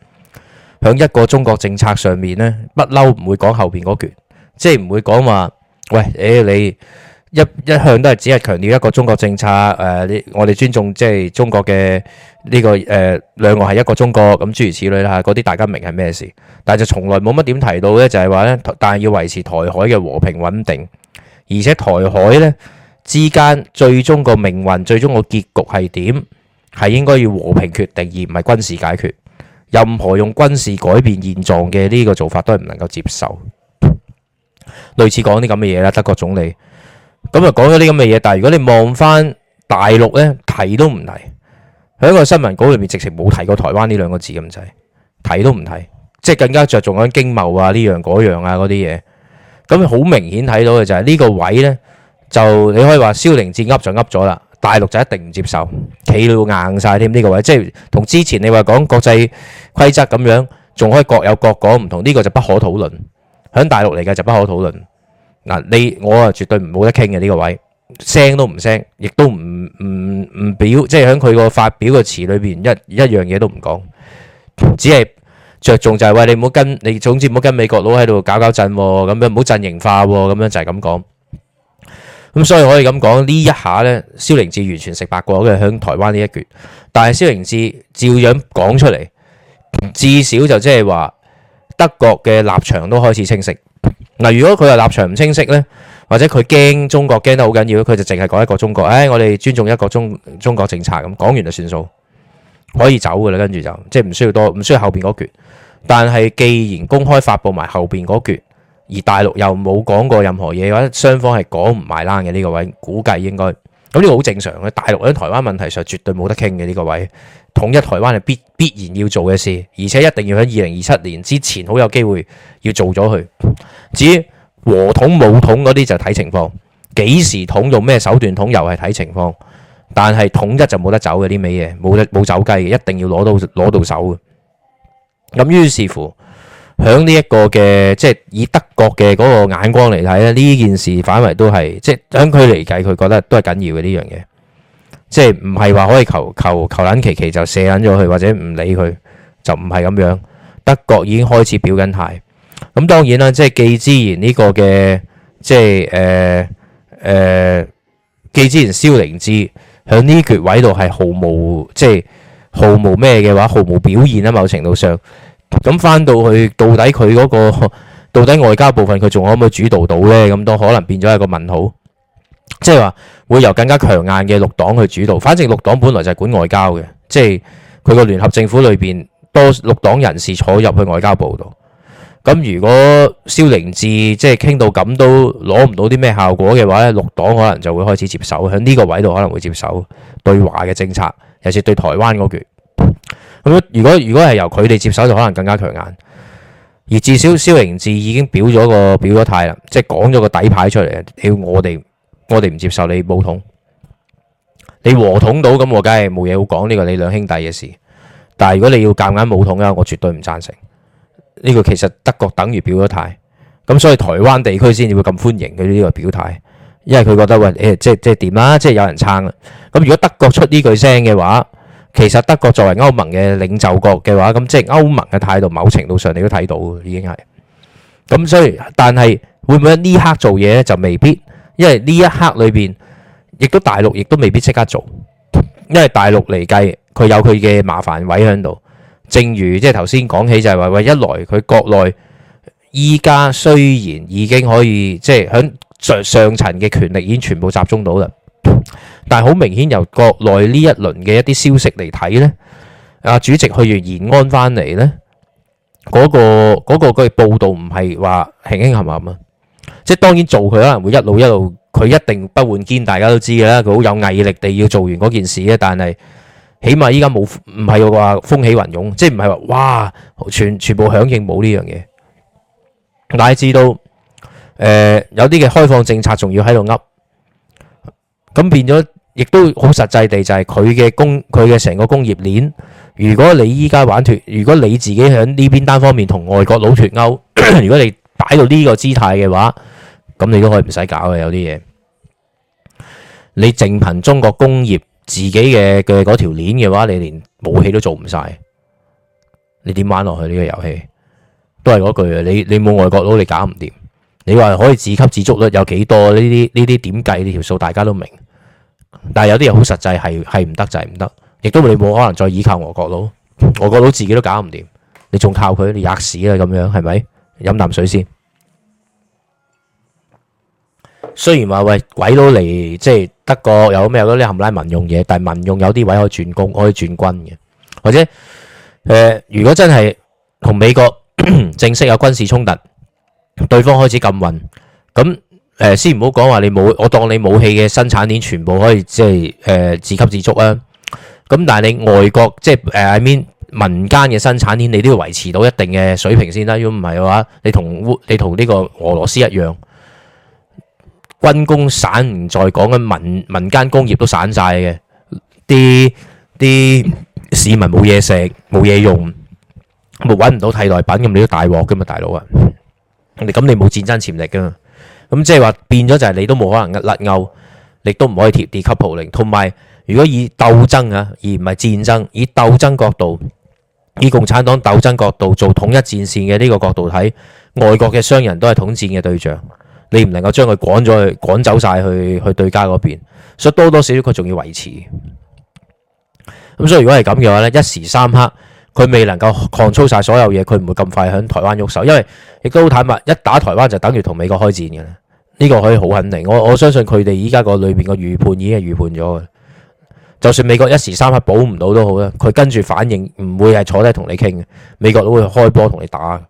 響一個中國政策上面呢，不嬲唔會講後邊嗰橛，即係唔會講話喂誒、欸、你。一一向都係只係強調一個中國政策，誒、呃，我哋尊重即係中國嘅呢個誒，兩岸係一個中國咁，諸如此類啦。嗰啲大家明係咩事，但係就從來冇乜點提到，呢就係話呢，但係要維持台海嘅和平穩定，而且台海呢之間最終個命運、最終個結局係點，係應該要和平決定，而唔係軍事解決。任何用軍事改變現狀嘅呢個做法都係唔能夠接受。類似講啲咁嘅嘢啦，德國總理。咁就講咗啲咁嘅嘢，但係如果你望翻大陸呢，提都唔提。喺個新聞稿裏面，直情冇提過台灣呢兩個字咁滯，提都唔提，即係更加着重緊經貿啊呢樣嗰樣啊嗰啲嘢。咁好明顯睇到嘅就係呢個位呢，就你可以話蕭凌志噏就噏咗啦，大陸就一定唔接受，企到硬晒添呢個位，即係同之前你話講國際規則咁樣，仲可以各有各講唔同，呢個就不可討論，響大陸嚟嘅就不可討論。嗱，你我啊，絕對唔冇得傾嘅呢個位，聲都唔聲，亦都唔唔唔表，即係響佢個發表個詞裏邊，一一樣嘢都唔講，只係着重就係、是、喂，你唔好跟，你總之唔好跟美國佬喺度搞搞震，啊，咁樣唔好陣營化，啊，咁樣就係咁講。咁所以可以咁講，呢一下呢，蕭凌志完全食白果嘅，響台灣呢一橛。但係蕭凌志照樣講出嚟，至少就即係話。德國嘅立場都開始清晰。嗱，如果佢話立場唔清晰呢，或者佢驚中國驚得好緊要，佢就淨係講一個中國。誒、哎，我哋尊重一個中中國政策，咁講完就算數，可以走噶啦。跟住就即係唔需要多，唔需要後邊嗰橛。但係既然公開發布埋後邊嗰橛，而大陸又冇講過任何嘢嘅話，雙方係講唔埋欄嘅呢個位，估計應該。咁呢個好正常嘅。大陸喺台灣問題上絕對冇得傾嘅呢個位，統一台灣係必必然要做嘅事，而且一定要喺二零二七年之前，好有機會要做咗佢。至於和統武統嗰啲就睇情況，幾時統、用咩手段統又係睇情況。但係統一就冇得走嘅啲尾嘢，冇得冇走雞嘅，一定要攞到攞到手嘅。咁於是乎，喺呢一個嘅即係以德國嘅嗰個眼光嚟睇咧，呢件事反而為都係即係喺佢嚟計，佢、就是、覺得都係緊要嘅呢樣嘢。即係唔係話可以求求求撚其其就射撚咗佢，或者唔理佢就唔係咁樣。德國已經開始表緊態。咁當然啦，即係既之然呢個嘅即係誒誒，既之然蕭靈芝喺呢橛位度係毫無即係毫無咩嘅話，毫無表現啊。某程度上，咁返到去到底佢嗰、嗰個到底外交部分佢仲可唔可以主導到咧？咁都可能變咗一個問號。即係話會由更加強硬嘅綠黨去主導，反正綠黨本來就係管外交嘅，即係佢個聯合政府裏邊多綠黨人士坐入去外交部度。咁如果蕭凌志即係傾到咁都攞唔到啲咩效果嘅話咧，綠黨可能就會開始接手響呢個位度可能會接手對華嘅政策，尤其是對台灣嗰橛。咁如果如果係由佢哋接手就可能更加強硬，而至少蕭凌志已經表咗個表咗態啦，即係講咗個底牌出嚟，要我哋。我哋唔接受你武統，你和統到咁，我梗係冇嘢好講。呢個你兩兄弟嘅事，但係如果你要夾硬武統啊，我絕對唔贊成呢個。其實德國等於表咗態，咁所以台灣地區先至會咁歡迎佢呢個表態，因為佢覺得喂，誒，即係即係點啦，即係有人撐啦。咁如果德國出呢句聲嘅話，其實德國作為歐盟嘅領袖國嘅話，咁即係歐盟嘅態度，某程度上你都睇到嘅，已經係咁。所以但係會唔會呢刻做嘢咧，就未必。因為呢一刻裏邊，亦都大陸亦都未必即刻做，因為大陸嚟計，佢有佢嘅麻煩位喺度。正如即係頭先講起就係話，喂，一來佢國內依家雖然已經可以即係響上上層嘅權力已經全部集中到啦，但係好明顯由國內呢一輪嘅一啲消息嚟睇呢，阿主席去完延安翻嚟呢，嗰個嗰個嘅報道唔係話輕輕冚冚啊。即係當然做佢可能會一路一路佢一定不換肩，大家都知嘅啦。佢好有毅力地要做完嗰件事嘅，但係起碼依家冇唔係話風起雲湧，即係唔係話哇全全部響應冇呢樣嘢，乃至到誒有啲嘅開放政策仲要喺度噏咁變咗，亦都好實際地就係佢嘅工佢嘅成個工業鏈。如果你依家玩脱，如果你自己喺呢邊單方面同外國佬脱鈎， 如果你擺到呢個姿態嘅話，咁你都可以唔使搞嘅，有啲嘢你淨憑中國工業自己嘅嘅嗰條鏈嘅話，你連武器都做唔晒，你點玩落去呢個遊戲？都係嗰句啊，你你冇外國佬，你搞唔掂。你話可以自給自足咧，有幾多呢啲呢啲點計呢條數？數大家都明。但係有啲嘢好實際，係係唔得就係唔得，亦都你冇可能再依靠俄國佬，俄國佬自己都搞唔掂，你仲靠佢？你吔屎啦咁樣係咪？飲啖水先。雖然話喂鬼佬嚟，即係德國有咩咯啲冚唥民用嘢，但係民用有啲位可以轉工，可以轉軍嘅，或者誒、呃，如果真係同美國正式有軍事衝突，對方開始禁運，咁誒、呃、先唔好講話你冇，我當你武器嘅生產鏈全部可以即係誒自給自足啦，咁但係你外國即係誒 I mean 民間嘅生產鏈，你都要維持到一定嘅水平先啦，如果唔係嘅話，你同你同呢個俄羅斯一樣。軍工散唔再講啦，民民間工業都散曬嘅，啲啲市民冇嘢食，冇嘢用，咁咪揾唔到替代品，咁你都大鑊噶嘛，大佬啊！你咁你冇戰爭潛力噶嘛，咁即係話變咗就係你都冇可能甩鈎，你都唔可以貼地級暴零，同埋如果以鬥爭啊，而唔係戰爭，以鬥爭角度，以共產黨鬥爭角度做統一戰線嘅呢個角度睇，外國嘅商人都係統戰嘅對象。你唔能夠將佢趕咗去，趕走晒，去去對家嗰邊，所以多多少少佢仲要維持。咁所以如果係咁嘅話呢，一時三刻佢未能夠控制晒所有嘢，佢唔會咁快喺台灣喐手，因為亦都好坦白，一打台灣就等於同美國開戰嘅。呢個可以好肯定，我我相信佢哋依家個裏面個預判已經係預判咗嘅。就算美國一時三刻保唔到都好啦，佢跟住反應唔會係坐低同你傾嘅，美國都會開波同你打。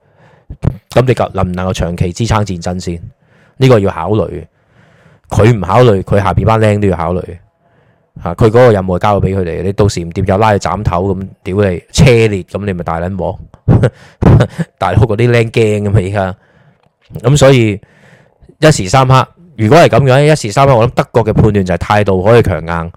咁你夾能唔能夠長期支撐戰爭先？呢個要考慮，佢唔考慮，佢下邊班僆都要考慮嘅。嚇，佢嗰個任務交咗俾佢哋，你到時唔掂就拉去斬頭咁，屌你，車裂咁你咪大撚王， 大哭嗰啲僆驚咁啊咁嘛！依家，咁所以一時三刻，如果係咁樣，一時三刻，我諗德國嘅判斷就係態度可以強硬。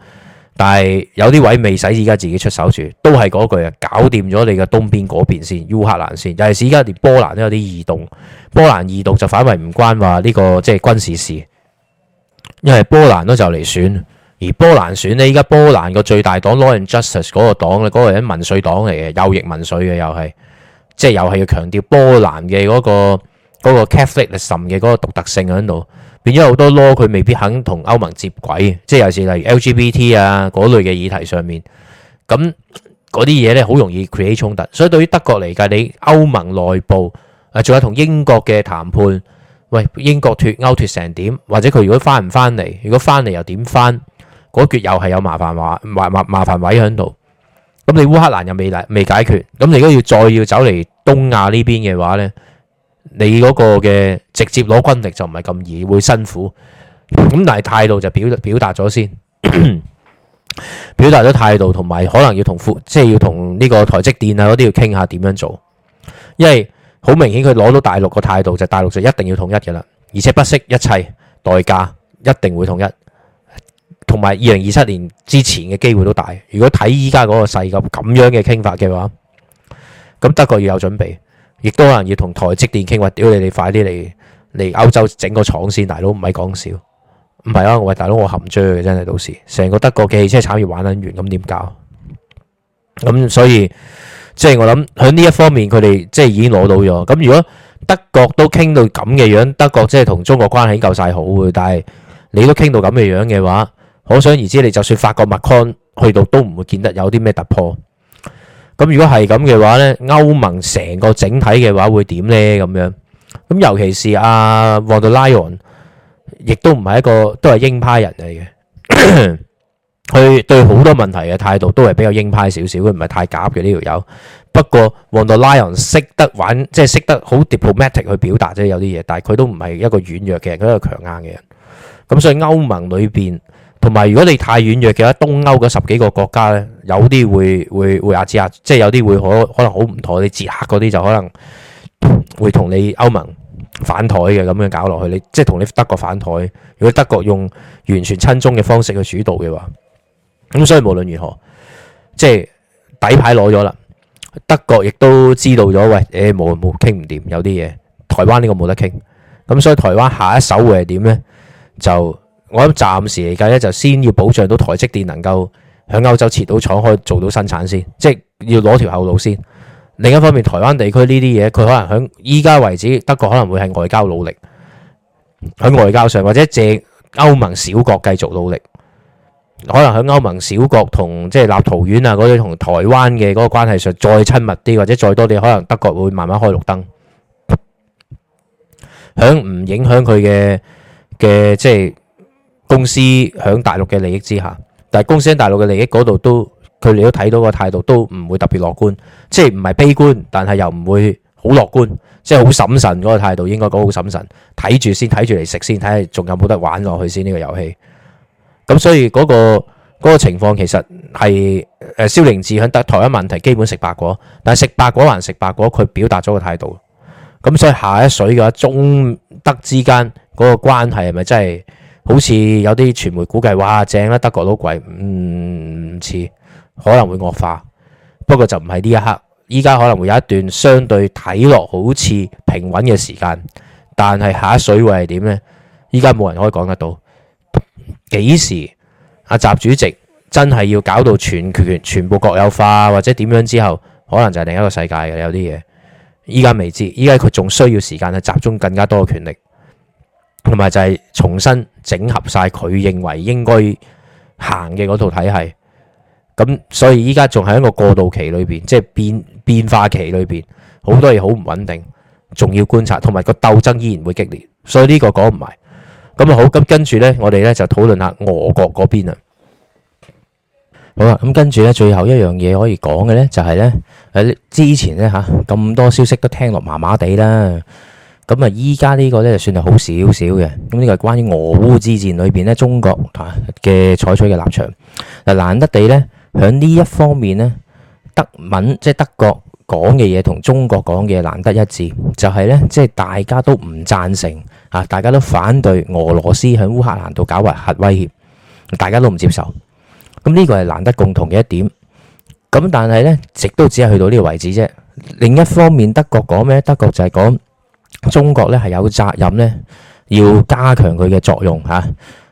但係有啲位未使，而家自己出手住，都係嗰句啊！搞掂咗你嘅東邊嗰邊先，烏克蘭先。尤其是而家連波蘭都有啲異動，波蘭異動就反為唔關話呢、這個即係軍事事，因為波蘭都就嚟選，而波蘭選咧，依家波蘭個最大黨 Law and Justice 嗰個黨咧，嗰、那個人民粹黨嚟嘅，右翼民粹嘅又係，即係又係要強調波蘭嘅嗰個嗰、那個 Catholicism 嘅嗰個獨特性喺度。變咗好多囉，佢未必肯同歐盟接軌，即係有時例如 LGBT 啊嗰類嘅議題上面，咁嗰啲嘢咧好容易 create 衝突，所以對於德國嚟㗎，你歐盟內部啊，仲有同英國嘅談判，喂，英國脱歐脱成點，或者佢如果翻唔翻嚟，如果翻嚟又點翻，嗰橛又係有麻煩話麻麻麻煩位喺度，咁你烏克蘭又未解未解決，咁你如果要再要走嚟東亞呢邊嘅話咧？你嗰個嘅直接攞軍力就唔係咁易，會辛苦。咁但係態度就表表達咗先，咳咳表達咗態度，同埋可能要同富，即係要同呢個台積電啊嗰啲要傾下點樣做。因為好明顯佢攞到大陸個態度就是、大陸就一定要統一嘅啦，而且不惜一切代價，一定會統一。同埋二零二七年之前嘅機會都大。如果睇依家嗰個勢，咁咁樣嘅傾法嘅話，咁德國要有準備。亦都可能要同台積電傾話，屌你哋快啲嚟嚟歐洲整個廠先，大佬唔係講笑，唔係啊！我話大佬我含追嘅真係，到時成個德國嘅汽車產業玩緊完，咁點搞？咁所以即係我諗喺呢一方面，佢哋即係已經攞到咗。咁如果德國都傾到咁嘅樣，德國即係同中國關係夠晒好嘅，但係你都傾到咁嘅樣嘅話，可想而知，你就算法國馬克龍去到都唔會見得有啲咩突破。咁如果係咁嘅話咧，歐盟成個整體嘅話會點咧？咁樣咁，尤其是阿 von der Leyen，亦都唔係一個都係鷹派人嚟嘅，佢對好多問題嘅態度都係比較鷹派少少，佢唔係太夾嘅呢條友。不過 von der Leyen 識得玩，即係識得好 diplomatic 去表達啫，有啲嘢。但係佢都唔係一個軟弱嘅人，佢係一個強硬嘅人。咁所以歐盟裏邊。同埋如果你太軟弱嘅話，東歐嗰十幾個國家咧，有啲會會會壓制壓制，即係有啲會可可能好唔妥，你捷克嗰啲就可能會同你歐盟反台嘅，咁樣搞落去，你即係同你德國反台。如果德國用完全親中嘅方式去主導嘅話，咁所以無論如何，即係底牌攞咗啦，德國亦都知道咗，喂，誒冇冇傾唔掂，有啲嘢台灣呢個冇得傾，咁所以台灣下一手會係點咧？就我諗暫時嚟計咧，就先要保障到台積電能夠喺歐洲設到廠開，可以做到生產先，即係要攞條後路先。另一方面，台灣地區呢啲嘢，佢可能喺依家為止，德國可能會係外交努力，喺外交上或者借歐盟小國繼續努力，可能喺歐盟小國同即係立陶宛啊嗰啲同台灣嘅嗰個關係上再親密啲，或者再多啲，可能德國會慢慢開綠燈，喺唔影響佢嘅嘅即係公司響大陸嘅利益之下，但係公司喺大陸嘅利益嗰度都佢哋都睇到個態度都唔會特別樂觀，即係唔係悲觀，但係又唔會好樂觀，即係好審慎嗰個態度，應該講好審慎睇住先，睇住嚟食先，睇下仲有冇得玩落去先呢個遊戲。咁所以嗰個嗰個情況其實係誒，蕭凌志喺德台灣問題基本食白果，但係食白果還食白果，佢表達咗個態度。咁所以下一水嘅話，中德之間嗰個關係係咪真係？好似有啲傳媒估計，哇正啦，德國都貴，唔、嗯、似可能會惡化，不過就唔係呢一刻，依家可能會有一段相對睇落好似平穩嘅時間，但係下一水位係點呢？依家冇人可以講得到，幾時阿習主席真係要搞到全權全部國有化或者點樣之後，可能就係另一個世界嘅有啲嘢，依家未知，依家佢仲需要時間去集中更加多嘅權力，同埋就係重新。整合晒佢認為應該行嘅嗰套體系，咁所以依家仲喺一個過渡期裏邊，即係變變化期裏邊，好多嘢好唔穩定，仲要觀察，同埋個鬥爭依然會激烈，所以呢個講唔埋。咁啊好，咁跟住呢，我哋咧就討論下俄國嗰邊啊。好啦，咁跟住呢，最後一樣嘢可以講嘅呢，就係、是、呢，喺之前呢，嚇、啊、咁多消息都聽落麻麻地啦。咁啊！依家呢個咧，算係好少少嘅。咁呢個係關於俄烏之戰裏邊咧，中國啊嘅採取嘅立場。嗱，難得地咧，喺呢一方面咧，德文即係德國講嘅嘢同中國講嘅嘢難得一致，就係咧即係大家都唔贊成啊，大家都反對俄羅斯喺烏克蘭度搞核核威脅，大家都唔接受。咁呢個係難得共同嘅一點。咁但係咧，直都只係去到呢個位置啫。另一方面，德國講咩？德國就係講，中國咧係有責任咧，要加強佢嘅作用嚇。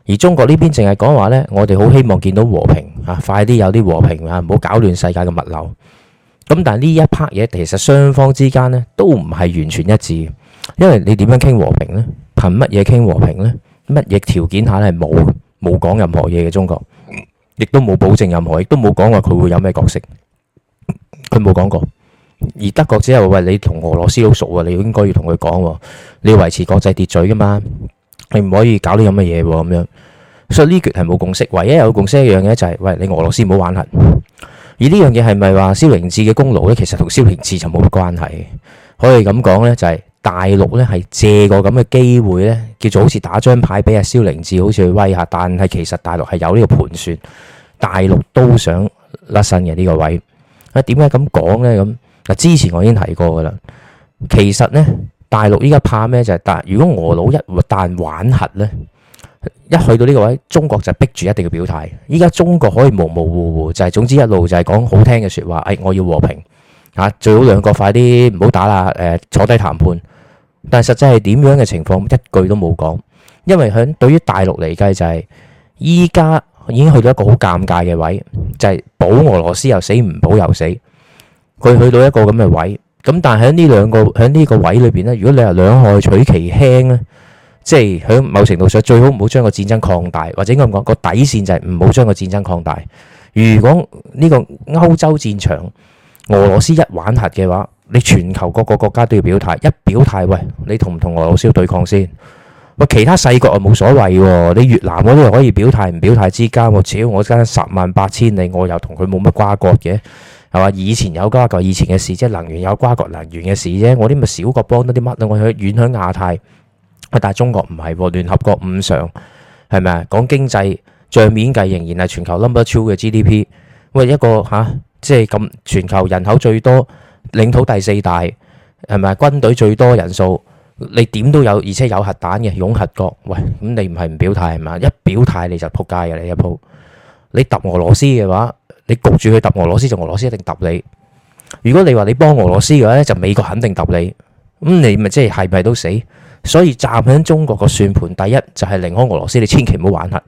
而中國呢邊淨係講話咧，我哋好希望見到和平嚇，快啲有啲和平啊，唔好搞亂世界嘅物流。咁但係呢一 part 嘢，其實雙方之間咧都唔係完全一致，因為你點樣傾和平呢？憑乜嘢傾和平呢？乜嘢條件下係冇冇講任何嘢嘅中國，亦都冇保證任何，亦都冇講話佢會有咩角色，佢冇講過。而德國只係話：喂，你同俄羅斯好熟喎，你應該要同佢講喎，你要維持國際秩序噶嘛，你唔可以搞啲咁嘅嘢喎，咁樣，所以呢橛係冇共識，唯一有共識一樣嘢就係、是、喂，你俄羅斯唔好玩核，而呢樣嘢係咪話蕭凌志嘅功勞咧？其實同蕭凌志就冇關係。可以咁講咧，就係、是、大陸咧係借個咁嘅機會咧，叫做好似打張牌俾阿蕭凌志，好似去威下，但係其實大陸係有呢個盤算，大陸都想甩身嘅呢、這個位。啊，點解咁講咧？咁。嗱，之前我已經提過噶啦。其實呢，大陸依家怕咩？就係、是、但如果俄佬一旦玩核呢，一去到呢個位，中國就逼住一定要表態。依家中國可以模模糊糊，就係、是、總之一路就係講好聽嘅説話，誒、哎，我要和平嚇，最好兩國快啲唔好打啦，誒、呃，坐低談判。但實際係點樣嘅情況，一句都冇講。因為響對於大陸嚟計，就係依家已經去到一個好尷尬嘅位，就係、是、保俄羅斯又死，唔保又死。佢去到一個咁嘅位，咁但係喺呢兩個喺呢個位裏邊咧，如果你係兩害取其輕咧，即係喺某程度上最好唔好將個戰爭擴大，或者咁講個底線就係唔好將個戰爭擴大。如果呢個歐洲戰場俄羅斯一玩核嘅話，你全球各個國家都要表態，一表態，喂，你同唔同俄羅斯要對抗先？喂，其他細國啊冇所謂喎，你越南嗰啲又可以表態唔表態之間喎，超，我隔十萬八千里，我又同佢冇乜瓜葛嘅。係嘛？以前有瓜葛，以前嘅事，啫。能源有瓜葛，能源嘅事啫。我啲咪小國幫得啲乜咧？我喺遠響亞太，但係中國唔係喎，聯合國五常係咪啊？講經濟帳面計仍然係全球 number two 嘅 GDP。喂，一個吓，即係咁全球人口最多，領土第四大係咪？軍隊最多人數，你點都有，而且有核彈嘅擁核國。喂，咁你唔係唔表態係咪？一表態你就仆街嘅，你一鋪你揼俄羅斯嘅話。你焗住去揼俄羅斯，就俄羅斯一定揼你。如果你話你幫俄羅斯嘅話咧，就美國肯定揼你，咁你咪即係係咪都死？所以站喺中國個算盤，第一就係離開俄羅斯，你千祈唔好玩核，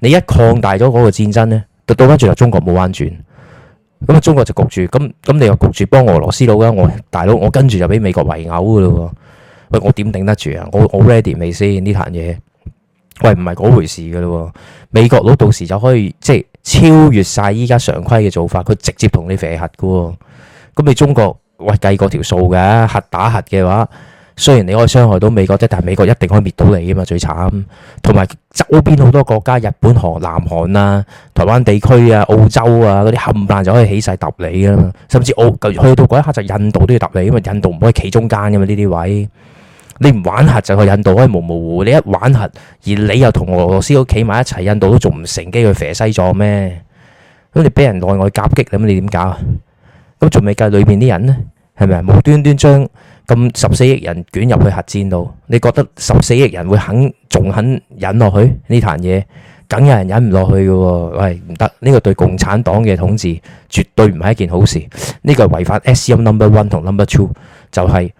你一擴大咗嗰個戰爭咧，倒翻轉又中國冇彎轉，咁啊中國就焗住，咁咁你又焗住幫俄羅斯佬啦？我大佬，我跟住就俾美國圍毆噶啦喎，喂我點頂得住啊？我我，我 ready 未先呢壇嘢？喂唔係嗰回事噶啦，美國佬到時就可以即係。超越晒依家常規嘅做法，佢直接同你射核嘅喎。咁你中國喂計過條數嘅，核打核嘅話，雖然你可以傷害到美國啫，但係美國一定可以滅到你噶嘛，最慘。同埋周邊好多國家，日本、韓、南韓啦、啊、台灣地區啊、澳洲啊嗰啲冚唪唥就可以起曬揼你噶嘛。甚至澳，去到嗰一刻就印度都要揼你，因為印度唔可以企中間噶嘛，呢啲位。你唔玩核就去印度可以模模糊糊。你一玩核而你又同俄羅斯都企埋一齊，印度都仲唔乘機去肥西藏咩？咁你俾人內外夾擊咁，你點搞啊？咁仲未計裏邊啲人呢？係咪啊？無端端將咁十四億人捲入去核戰度，你覺得十四億人會肯仲肯忍落去呢壇嘢？梗有人忍唔落去噶，喂，唔得，呢個對共產黨嘅統治絕對唔係一件好事，呢個係違反 SCM number one 同 number two，就係。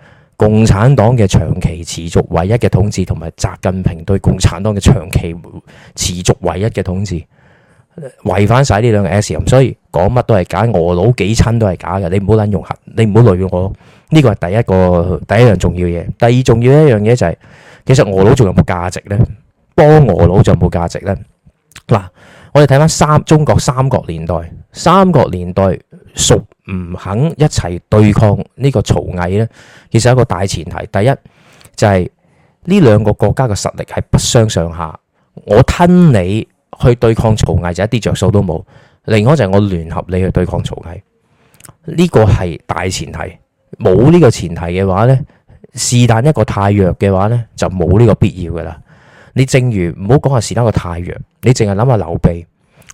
共產黨嘅長期持續唯一嘅統治，同埋習近平對共產黨嘅長期持續唯一嘅統治，違反晒呢兩個 S M，所以講乜都係假，俄佬幾親都係假嘅，你唔好諗用核，你唔好累我，呢個係第一個第一樣重要嘢。第二重要一樣嘢就係、是，其實俄佬仲有冇價值呢？幫俄佬仲有冇價值呢？嗱，我哋睇翻三中國三國年代，三國年代。熟唔肯一齊對抗呢個曹魏呢？其實係一個大前提，第一就係呢兩個國家嘅實力係不相上下。我吞你去對抗曹魏就一啲着數都冇。另外就係我聯合你去對抗曹魏，呢個係大前提。冇呢個前提嘅話呢，是但一個太弱嘅話呢，就冇呢個必要噶啦。你正如唔好講下是但一個太弱，你淨係諗下劉備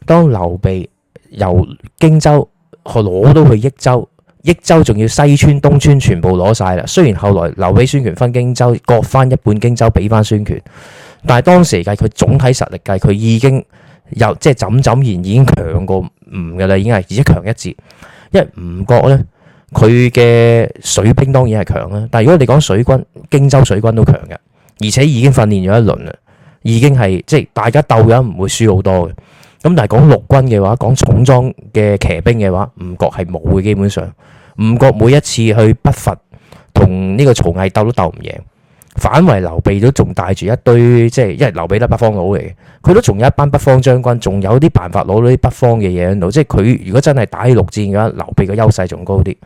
當劉備由荊州。佢攞到去益州，益州仲要西川、東川全部攞晒啦。雖然後來留俾孫權分荊州，割翻一半荊州俾翻孫權，但係當時計佢總體實力計，佢已經又即係怎怎然已經強過吳嘅啦，已經係而且強一截。因為吳國咧，佢嘅水兵當然係強啦，但係如果你講水軍，荊州水軍都強嘅，而且已經訓練咗一輪啦，已經係即係大家鬥緊唔會輸好多嘅。咁但係講陸軍嘅話，講重裝嘅騎兵嘅話，吳國係冇嘅。基本上，吳國每一次去北伐同呢個曹魏鬥都鬥唔贏，反為劉備都仲帶住一堆即係，因為劉備得北方佬嚟嘅。佢都仲有一班北方將軍，仲有啲辦法攞到啲北方嘅嘢喺度。即係佢如果真係打起陸戰嘅話，劉備嘅優勢仲高啲，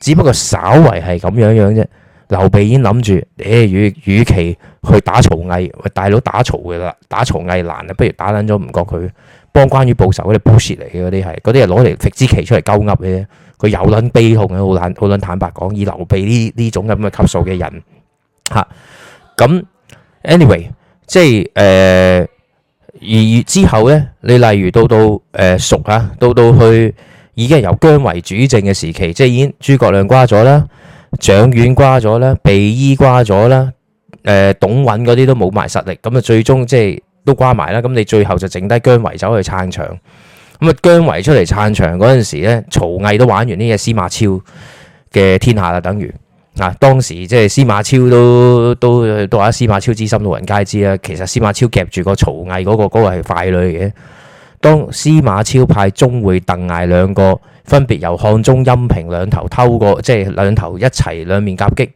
只不過稍為係咁樣樣啫。劉備已經諗住，誒、欸、與與其去打曹魏，大佬打曹嘅啦，打曹魏難啊，不如打撚咗吳國佢。幫關於報仇嗰啲 p u 嚟嘅嗰啲係，嗰啲係攞嚟直之期出嚟鳩噏嘅。佢有撚悲痛嘅，好坦好撚坦白講，以劉備呢呢種咁嘅級數嘅人，吓、啊、咁，anyway，即係誒而之後咧，你例如到到誒、呃、熟吓，到到去已經係由姜維主政嘅時期，即係已經諸葛亮瓜咗啦，蔣琬瓜咗啦，費禕瓜咗啦，誒、呃、董允嗰啲都冇埋實力，咁啊最終即係。都關埋啦，咁你最後就剩低姜維走去撐場，咁啊姜維出嚟撐場嗰陣時咧，曹魏都玩完呢隻，司馬昭嘅天下啦，等於啊當時即係司馬昭都都都話司馬昭之心路人皆知啦，其實司馬昭夾住個曹魏嗰、那個嗰、那個係傀儡嘅。當司馬昭派鍾會、鄧艾兩個分別由漢中、陰平兩頭偷過，即係兩頭一齊兩面夾擊，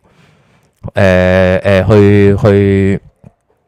誒誒去去。去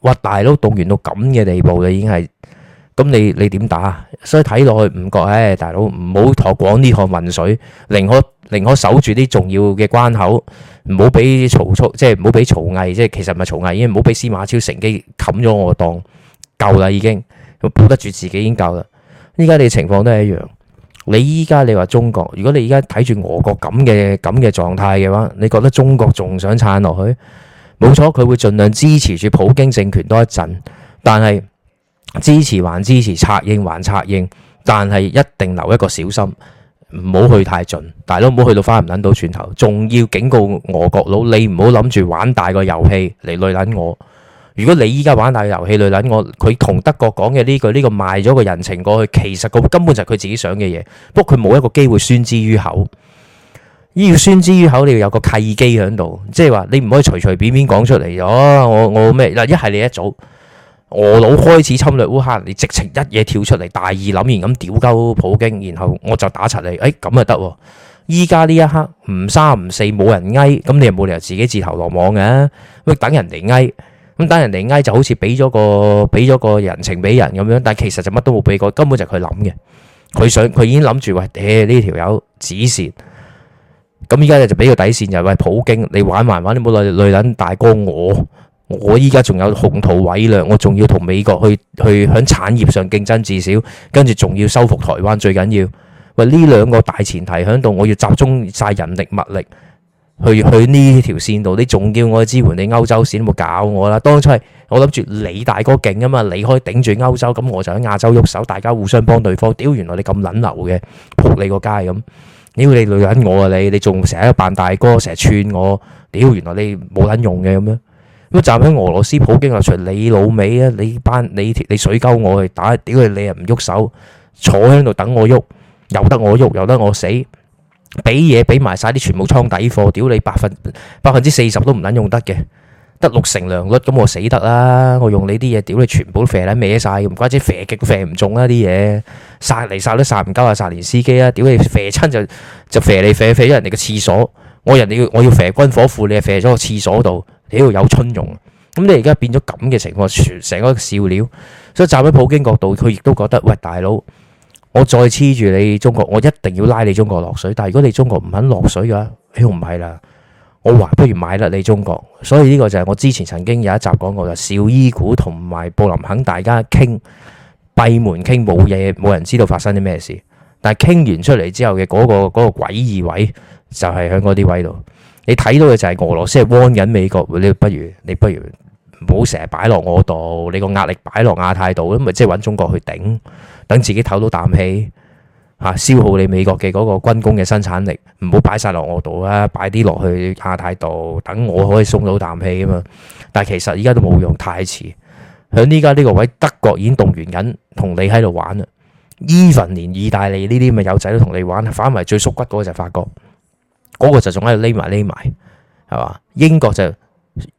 哇！大佬動員到咁嘅地步啦，已經係咁你你點打啊？所以睇落去唔覺，唉、哎！大佬唔好託廣呢項混水，寧可寧可守住啲重要嘅關口，唔好俾曹操，即係唔好俾曹魏，即係其實唔係曹魏，已經唔好俾司馬超乘機冚咗我個檔，夠啦已經，保得住自己已經夠啦。依家你情況都係一樣，你依家你話中國，如果你而家睇住俄國咁嘅咁嘅狀態嘅話，你覺得中國仲想撐落去？冇錯，佢會盡量支持住普京政權多一陣，但係支持還支持，策應還策應，但係一定留一個小心，唔好去太盡。大佬唔好去到翻唔撚到轉頭，仲要警告俄國佬，你唔好諗住玩大個遊戲嚟累撚我。如果你依家玩大個遊戲累撚我，佢同德國講嘅呢句「呢個賣咗個人情過去」，其實個根本就係佢自己想嘅嘢，不過佢冇一個機會宣之於口。要宣之於口，你要有個契機喺度，即係話你唔可以隨隨便便講出嚟。咗。我我咩嗱？一係你一早，俄佬開始侵略烏克蘭，你直情一嘢跳出嚟，大義凜然咁屌鳩普京，然後我就打柒你。誒，咁啊得。依家呢一刻唔三唔四，冇人埃，咁你又冇理由自己自投羅網嘅。喂，等人嚟埃，咁等人嚟埃就好似俾咗個俾咗個人情俾人咁樣，但係其實就乜都冇俾過，根本就係佢諗嘅。佢想佢已經諗住話，誒，呢條友指善。咁依家咧就俾個底線，就係喂普京，你玩埋唔玩？你冇耐耐捻大哥我，我依家仲有宏圖偉略，我仲要同美國去去響產業上競爭至少，跟住仲要收復台灣最緊要。喂呢兩個大前提響度，我要集中晒人力物力去去呢條線度，你仲叫我支援你歐洲線，冇搞我啦。當初係我諗住你大哥勁啊嘛，你可以頂住歐洲，咁我就喺亞洲喐手，大家互相幫對方。屌，原來你咁撚流嘅，撲你個街咁。屌你女人我啊你，你仲成日扮大哥，成日串我，屌，原來你冇捻用嘅咁樣。咁站喺俄羅斯普京啊，除你老味啊，你班你你水溝我去打，屌你你又唔喐手，坐喺度等我喐，由得我喐，由得我死，俾嘢俾埋晒啲全部倉底貨，屌你百分百分之四十都唔捻用得嘅。得六成良率咁我死得啦！我用你啲嘢屌你全部都肥啦，歪晒，唔怪之肥極都射唔中啦啲嘢，殺嚟殺都殺唔交啊，殺連司機啊！屌你肥親就就肥你肥肥入人哋嘅廁所，我人哋要我要肥軍火庫，你肥咗個廁所度，你度有春用！咁你而家變咗咁嘅情況，全成個笑料。所以站喺普京角度，佢亦都覺得喂大佬，我再黐住你中國，我一定要拉你中國落水。但係如果你中國唔肯落水嘅話，屌唔係啦。我話不如買啦，你中國，所以呢個就係我之前曾經有一集講過，就紹伊古同埋布林肯大家傾閉門傾冇嘢，冇人知道發生啲咩事。但係傾完出嚟之後嘅嗰、那個嗰、那個鬼異位就係喺嗰啲位度，你睇到嘅就係俄羅斯係蝦緊美國，你不如你不如唔好成日擺落我度，你個壓力擺落亞太度，咁咪即係揾中國去頂，等自己唞到啖氣，嚇消耗你美國嘅嗰個軍工嘅生產力，唔好擺晒落我度啦，擺啲落去亞太度，等我可以鬆到啖氣啊嘛。但係其實依家都冇用，太遲。響呢家呢個位，德國已經動員緊，同你喺度玩啦。Even 連意大利呢啲咪有仔都同你玩，反為最縮骨嗰個就係法國，嗰個就仲喺度匿埋匿埋，係嘛？英國就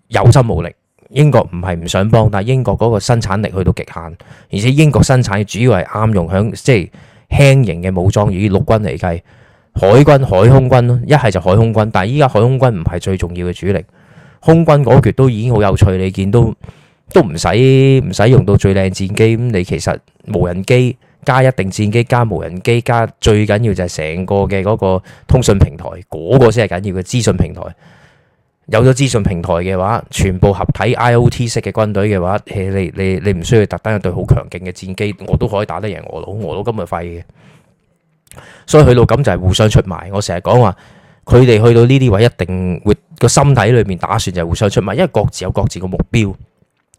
有心無力，英國唔係唔想幫，但係英國嗰個生產力去到極限，而且英國生產主要係啱用響即係。輕型嘅武裝，以陸軍嚟計，海軍、海空軍咯，一係就是海空軍。但係依家海空軍唔係最重要嘅主力，空軍嗰橛都已經好有趣。你見到都唔使唔使用到最靚戰機，咁你其實無人機加一定戰機加無人機加，最緊要就係成個嘅嗰個通訊平台，嗰個先係緊要嘅資訊平台。那個有咗資訊平台嘅話，全部合體 IOT 式嘅軍隊嘅話，你你你唔需要特登一隊好強勁嘅戰機，我都可以打得贏俄佬。俄佬咁咪廢嘅，所以去到咁就係互相出賣。我成日講話，佢哋去到呢啲位一定會個心底裏面打算就係互相出賣，因為各自有各自個目標。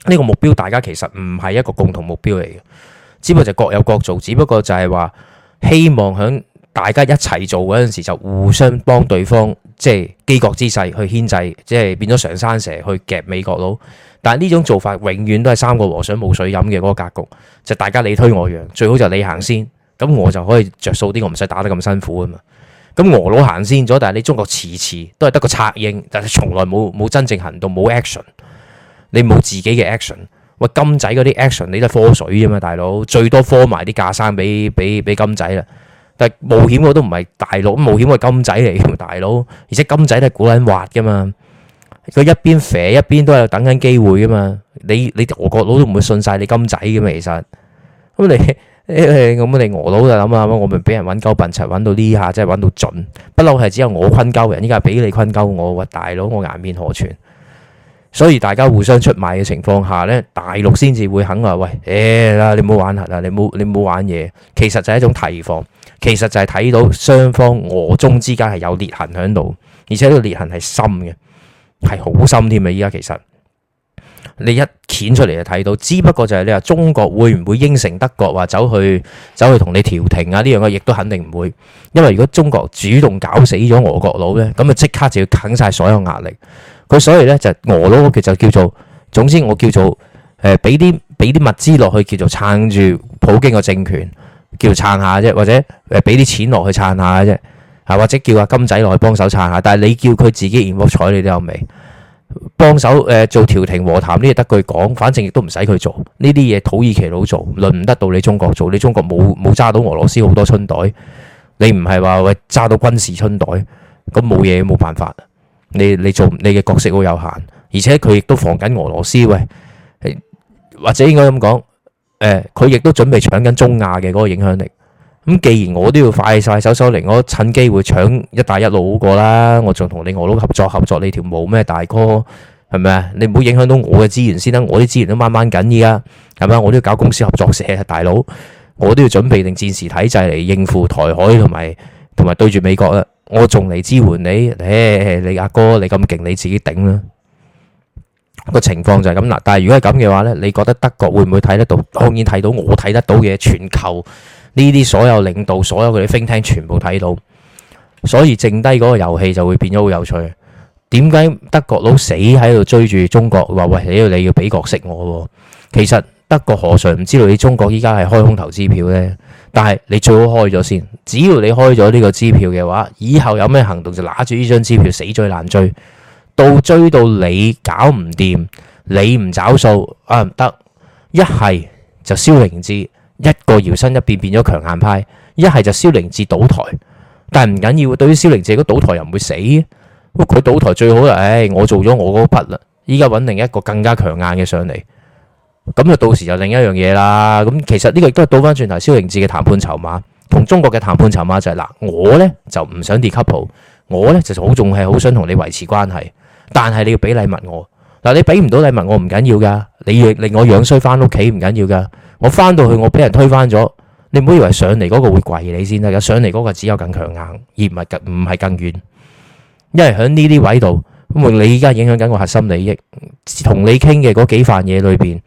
呢個目標大家其實唔係一個共同目標嚟嘅，只不過就各有各做，只不過就係話希望響。大家一齊做嗰陣時，就互相幫對方，即係掎角之勢去牽制，即係變咗常山蛇去夾美國佬。但係呢種做法永遠都係三個和尚冇水飲嘅嗰個格局，就大家你推我讓，最好就你行先，咁我就可以着數啲，我唔使打得咁辛苦啊嘛。咁俄佬行先咗，但係你中國次次都係得個策應，但係從來冇冇真正行動，冇 action，你冇自己嘅 action。喂，金仔嗰啲 action 你都係科水啫嘛，大佬最多科埋啲架生俾俾俾金仔啦。冒險我都唔係大陸冒險，我係金仔嚟，大佬，而且金仔都係古捻挖噶嘛。佢一邊肥一邊都係等緊機會噶嘛。你你俄國佬都唔會信晒你金仔噶嘛。其實咁你咁你俄佬就諗下，我咪俾人揾鳩笨柒，揾到呢下真係揾到準，不嬲係只有我坤鳩人，依家俾你坤鳩我，大佬我顏面何存？所以大家互相出賣嘅情況下咧，大陸先至會肯話喂，誒啦，你唔好玩啦，你唔你唔好玩嘢。其實就係一種提防。其實就係睇到雙方俄中之間係有裂痕喺度，而且呢個裂痕係深嘅，係好深添啊！依家其實你一掀出嚟就睇到，只不過就係你話中國會唔會應承德國話走去走去同你調停啊？呢樣嘢亦都肯定唔會，因為如果中國主動搞死咗俄國佬呢，咁啊即刻就要啃晒所有壓力。佢所以呢，就俄佬嘅就叫做，總之我叫做誒，俾啲俾啲物資落去叫做撐住普京嘅政權。叫撐下啫，或者誒俾啲錢落去撐下啫，係或者叫阿金仔落去幫手撐下。但係你叫佢自己現屋採，你都有味，幫手誒做調停和談呢啲得佢講，反正亦都唔使佢做呢啲嘢。土耳其佬做，輪唔得到你中國做。你中國冇冇揸到俄羅斯好多春袋，你唔係話喂揸到軍事春袋，咁冇嘢冇辦法。你你做你嘅角色好有限，而且佢亦都防緊俄羅斯喂，或者應該咁講。誒，佢亦都準備搶緊中亞嘅嗰個影響力。咁既然我都要快晒手手嚟，我趁機會搶一帶一路好過啦。我仲同你俄佬合作合作，合作你條毛咩大哥？係咪啊？你唔好影響到我嘅資源先啦，我啲資源都掹掹緊，緊，依家係咪？我都要搞公司合作社啊，大佬。我都要準備定戰時體制嚟應付台海同埋同埋對住美國啦。我仲嚟支援你，誒你阿哥你咁勁，你自己頂啦。個情況就係咁啦，但係如果係咁嘅話呢，你覺得德國會唔會睇得到？當然睇到，我睇得到嘅全球呢啲所有領導、所有嗰啲聽聽，全部睇到，所以剩低嗰個遊戲就會變咗好有趣。點解德國佬死喺度追住中國？話喂，你要你要俾角色我喎。其實德國何嘗唔知道你中國依家係開空頭支票呢？但係你最好開咗先，只要你開咗呢個支票嘅話，以後有咩行動就拿住呢張支票死追難追。到追到你搞唔掂，你唔找數啊，唔得，一係就蕭凌志一個搖身一變變咗強硬派，一係就蕭凌志倒台，但係唔緊要，對於蕭凌志佢倒台又唔會死，佢倒台最好啦，就係。唉、哎，我做咗我嗰筆啦，依家揾另一個更加強硬嘅上嚟，咁就到時就另一樣嘢啦。咁其實呢個亦都係倒翻轉頭蕭凌志嘅談判籌碼，同中國嘅談判籌碼就係、係、嗱，我呢，就唔想 decouple，我呢就好仲係好想同你維持關係。但係你要俾禮物我，嗱，你俾唔到禮物我唔緊要㗎，你令我樣衰翻屋企唔緊要㗎，我翻到去我俾人推翻咗，你唔好以為上嚟嗰個會跪你先得㗎，上嚟嗰個只有更強硬，而唔係唔係更軟，因為喺呢啲位度，咁你依家影響緊個核心利益，同你傾嘅嗰幾飯嘢裏邊，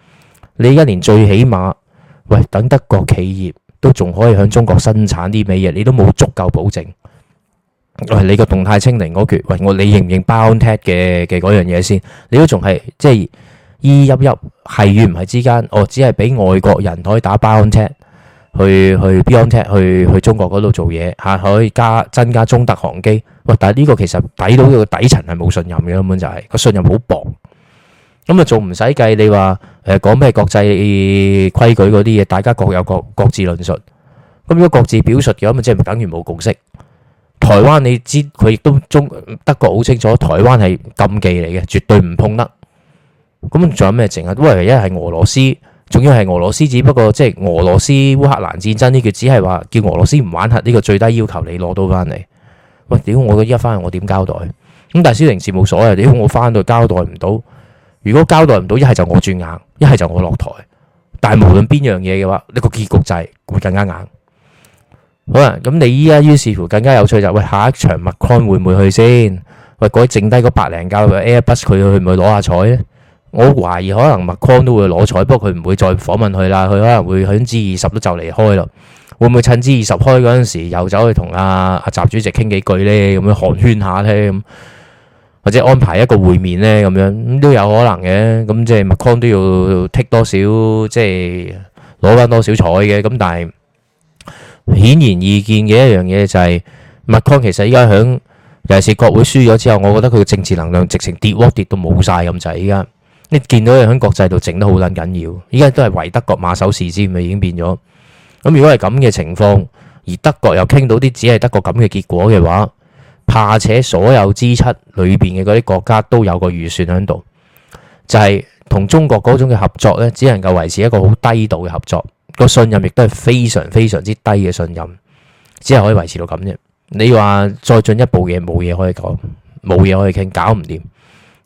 你一年最起碼，喂等德國企業都仲可以喺中國生產啲美嘢，你都冇足夠保證。喂，你個動態清零嗰橛，喂我你認唔認 BioNTech 嘅嘅嗰樣嘢先？你都仲係即係依忽忽係與唔係之間？我只係俾外國人可以打 BioNTech 去去 BioNTech 去去中國嗰度做嘢吓，可以加增加中德航機。喂，但係呢個其實抵到佢個底層係冇信任嘅，根本就係個信任好薄。咁啊，仲唔使計？你話誒講咩國際規矩嗰啲嘢，大家各有各各自論述。咁如果各自表述嘅咁啊，即係等於冇共識。台灣你知佢亦都中德國好清楚，台灣係禁忌嚟嘅，絕對唔碰得。咁仲有咩剩啊？喂，一係俄羅斯，仲要係俄羅斯，只不過即係俄羅斯烏克蘭戰爭呢個只係話叫俄羅斯唔玩核呢個最低要求，你攞到翻嚟。喂，屌我嘅依家翻去，我點交代？咁但係施玲事冇所謂，屌我翻到交代唔到，如果交代唔到，一係就我轉硬，一係就我落台。但係無論邊樣嘢嘅話，呢個結局就係會更加硬。好啦，咁你依家於是乎更加有趣就喂，下一場 Macron 會唔會去先？喂，嗰啲剩低個百零架 Airbus 佢去唔去攞下彩咧？我懷疑可能 Macron 都會攞彩，不過佢唔會再訪問佢啦，佢可能會響 G20 都就離開咯。會唔會趁 G20 開嗰陣時又走去同阿阿習主席傾幾句咧，咁樣寒暄下咧，咁或者安排一個會面咧，咁樣都有可能嘅。咁即係 Macron 都要 take 多少，即係攞翻多少彩嘅。咁但係。顯然易見嘅一樣嘢就係默康，其實依家響尤其是國會輸咗之後，我覺得佢嘅政治能量直情跌鍋跌到冇晒咁滯。依家你見到佢響國際度整得好捻緊要，依家都係唯德國馬首是瞻咪已經變咗。咁如果係咁嘅情況，而德國又傾到啲只係德國咁嘅結果嘅話，怕且所有 G7 裏邊嘅嗰啲國家都有個預算喺度，就係、是、同中國嗰種嘅合作呢，只能夠維持一個好低度嘅合作。個信任亦都係非常非常之低嘅信任，只係可以維持到咁啫。你話再進一步嘢，冇嘢可以講，冇嘢可以傾，搞唔掂。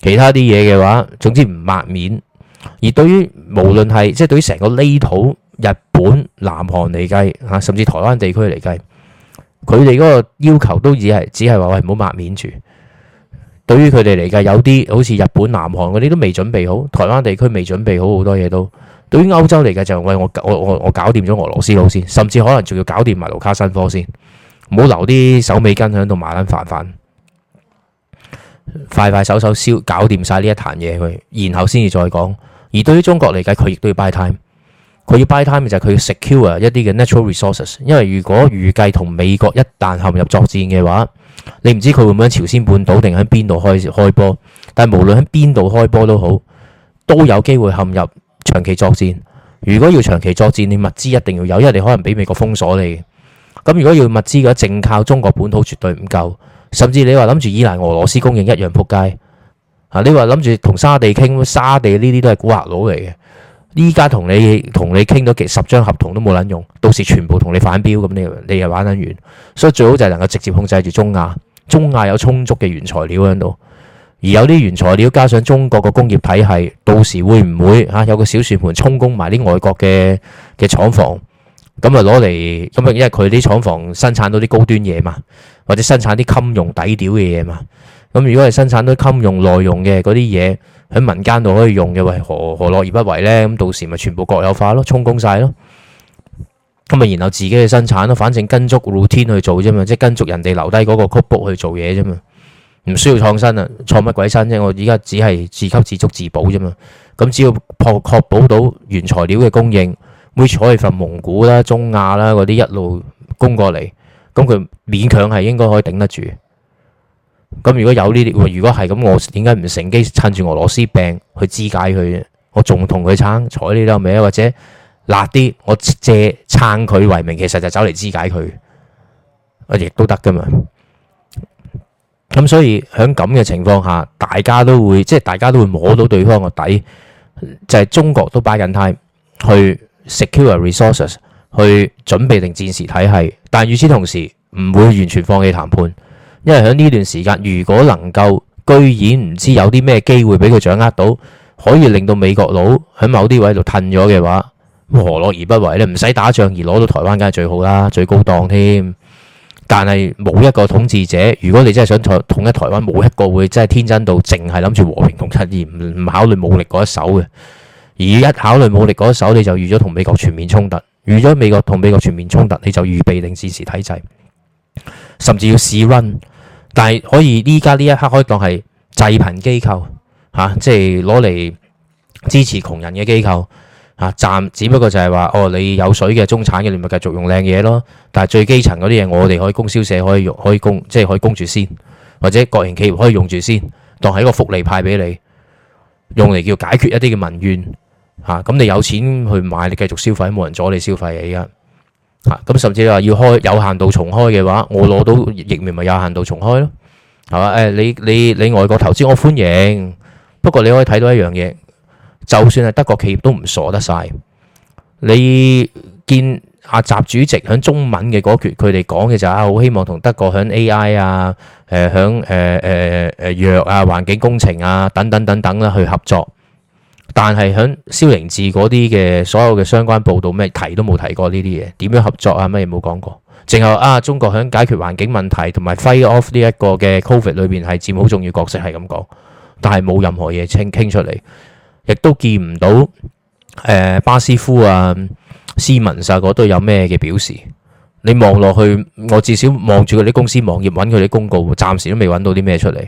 其他啲嘢嘅話，總之唔抹面。而對於無論係即係對於成個呢度日本、南韓嚟計啊，甚至台灣地區嚟計，佢哋嗰個要求都只係只係話喂，唔好抹面住。對於佢哋嚟計，有啲好似日本、南韓嗰啲都未準備好，台灣地區未準備好好多嘢都。對於歐洲嚟嘅就係、是、喂，我我我搞掂咗俄羅斯佬先，甚至可能仲要搞掂埋盧卡申科先，唔好留啲手尾根喺度麻撚煩煩，快快手手燒搞掂晒呢一壇嘢佢，然後先至再講。而對於中國嚟計，佢亦都要 buy time。佢要 buy time 就係佢要 secure 一啲嘅 natural resources。因為如果預計同美國一旦陷入作戰嘅話，你唔知佢會唔會喺朝鮮半島定喺邊度開開波。但係無論喺邊度開波都好，都有機會陷入。長期作戰，如果要長期作戰，你物資一定要有，因為你可能俾美國封鎖你。咁如果要物資嘅話，淨靠中國本土絕對唔夠，甚至你話諗住依賴俄羅斯供應一樣撲街。啊，你話諗住同沙地傾，沙地呢啲都係古惑佬嚟嘅。依家同你同你傾到十張合同都冇撚用，到時全部同你反標咁，你你又玩撚完。所以最好就係能夠直接控制住中亞，中亞有充足嘅原材料喺度。而有啲原材料加上中國個工業體系，到時會唔會嚇、啊、有個小算盤充公埋啲外國嘅嘅廠房？咁啊攞嚟咁啊，因為佢啲廠房生產到啲高端嘢嘛，或者生產啲襟用底料嘅嘢嘛。咁如果係生產到襟用耐用嘅嗰啲嘢，喺民間度可以用嘅，喂，何何樂而不為呢？咁到時咪全部國有化咯，充公晒咯。咁啊，然後自己去生產咯，反正跟足老天去做啫嘛，即係跟足人哋留低嗰個曲 book 去做嘢啫嘛。唔需要創新啊，創乜鬼新啫！我依家只係自給自足自保啫嘛。咁只要確保到原材料嘅供應，每採係份蒙古啦、中亞啦嗰啲一路供過嚟，咁佢勉強係應該可以頂得住。咁如果有呢啲，如果係咁，我點解唔乘機趁住俄羅斯病去肢解佢？我仲同佢爭採呢啲名，或者辣啲，我借撐佢為名，其實就走嚟肢解佢，我亦都得㗎嘛。咁所以喺咁嘅情況下，大家都會即係大家都會摸到對方個底，就係中國都擺緊 time 去 secure resources，去準備定戰時體系。但係與此同時，唔會完全放棄談判，因為喺呢段時間，如果能夠居然唔知有啲咩機會俾佢掌握到，可以令到美國佬喺某啲位度褪咗嘅話，何樂而不為咧？你唔使打仗而攞到台灣，梗係最好啦，最高檔添。但係冇一個統治者，如果你真係想統一台灣，冇一個會真係天真到淨係諗住和平統一而唔考慮武力嗰一手嘅。而一考慮武力嗰一手，你就預咗同美國全面衝突，預咗美國同美國全面衝突，你就預備定戰時體制，甚至要試 run。但係可以依家呢一刻可以當係濟貧機構，嚇、啊，即係攞嚟支持窮人嘅機構。啊，暫只不過就係話，哦，你有水嘅中產嘅，你咪繼續用靚嘢咯。但係最基層嗰啲嘢，我哋可以供銷社可以用，可以供，即係可以供住先，或者國營企業可以用住先，當係一個福利派俾你，用嚟叫解決一啲嘅民怨。嚇，咁你有錢去買，你繼續消費，冇人阻你消費嘅而家。嚇，咁甚至話要開有限度重開嘅話，我攞到疫苗咪有限度重開咯，係嘛？誒，你你你外國投資我歡迎，不過你可以睇到一樣嘢。就算係德國企業都唔傻得晒。你見阿習主席喺中文嘅嗰段、就是，佢哋講嘅就係啊，好希望同德國喺 A.I. 啊，誒、啊，喺誒誒誒藥啊、環境工程啊等等等等啦去合作。但係喺蕭凌志嗰啲嘅所有嘅相關報道，咩提都冇提過呢啲嘢，點樣合作啊？咩冇講過，淨係啊中國喺解決環境問題同埋 fight off 呢一個嘅 covid 裏邊係佔好重要角色，係咁講，但係冇任何嘢傾傾出嚟。亦都見唔到，誒、呃、巴斯夫啊、斯文莎嗰、啊、都有咩嘅表示？你望落去，我至少望住佢啲公司網頁揾佢啲公告，暫時都未揾到啲咩出嚟。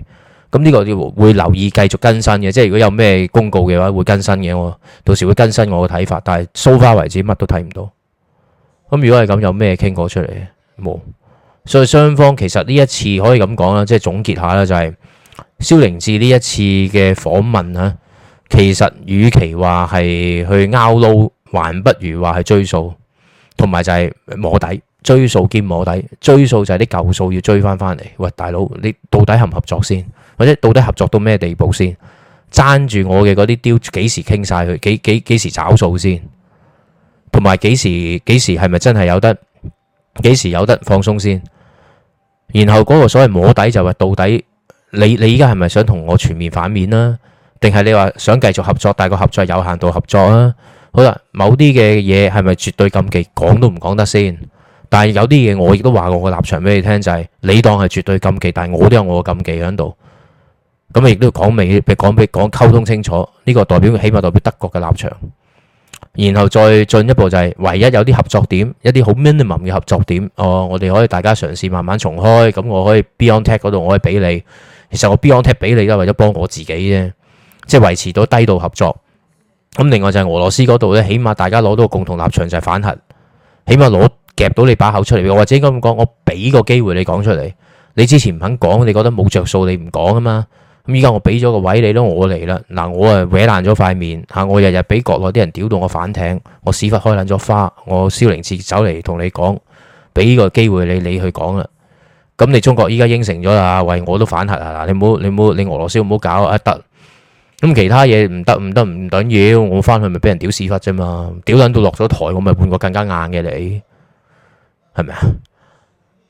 咁呢個會留意繼續更新嘅，即係如果有咩公告嘅話，會更新嘅。我到時會更新我嘅睇法，但係 so far 為止，乜都睇唔到。咁如果係咁，有咩傾過出嚟？冇，所以雙方其實呢一次可以咁講啦，即係總結下啦，就係、是、蕭凌志呢一次嘅訪問嚇。其實與其話係去拗撈，還不如話係追數，同埋就係摸底。追數兼摸底，追數就係啲舊數要追翻翻嚟。喂，大佬，你到底合唔合作先？或者到底合作到咩地步先？爭住我嘅嗰啲 deal，幾時傾晒佢？幾幾幾時找數先？同埋幾時？幾時係咪真係有得？幾時有得放鬆先？然後嗰個所謂摸底就話係，到底你你依家係咪想同我全面反面啦？定係你話想繼續合作，但係個合作係有限度合作啊。好啦，某啲嘅嘢係咪絕對禁忌，講都唔講得先。但係有啲嘢我亦都話過我嘅立場俾你聽，就係你當係絕對禁忌，但係我都有我嘅禁忌喺度。咁啊，亦都要講明，譬如講俾講溝通清楚呢個代表，起碼代表德國嘅立場。然後再進一步就係唯一有啲合作點，一啲好 minimum 嘅合作點。哦，我哋可以大家嘗試慢慢重開。咁我可以 BioNTech 嗰度我可以俾你。其實我 BioNTech 俾你都係為咗幫我自己啫。即係維持到低度合作，咁另外就係俄羅斯嗰度咧，起碼大家攞到個共同立場就係反核，起碼攞夾到你把口出嚟。或者應該咁講，我俾個機會你講出嚟。你之前唔肯講，你覺得冇着數，你唔講啊嘛。咁依家我俾咗個位你咯，我嚟啦嗱，我啊歪爛咗塊面嚇，我日日俾國內啲人屌到我反艇，我屎忽開爛咗花，我蕭凌志走嚟同你講，俾個機會你你去講啦。咁你中國依家應承咗啦，喂，我都反核啊，你唔好你唔好你俄羅斯唔好搞一得。咁其他嘢唔得唔得唔緊要，我翻去咪俾人屌屎忽啫嘛！屌撚到落咗台，我咪換個更加硬嘅你，係咪啊？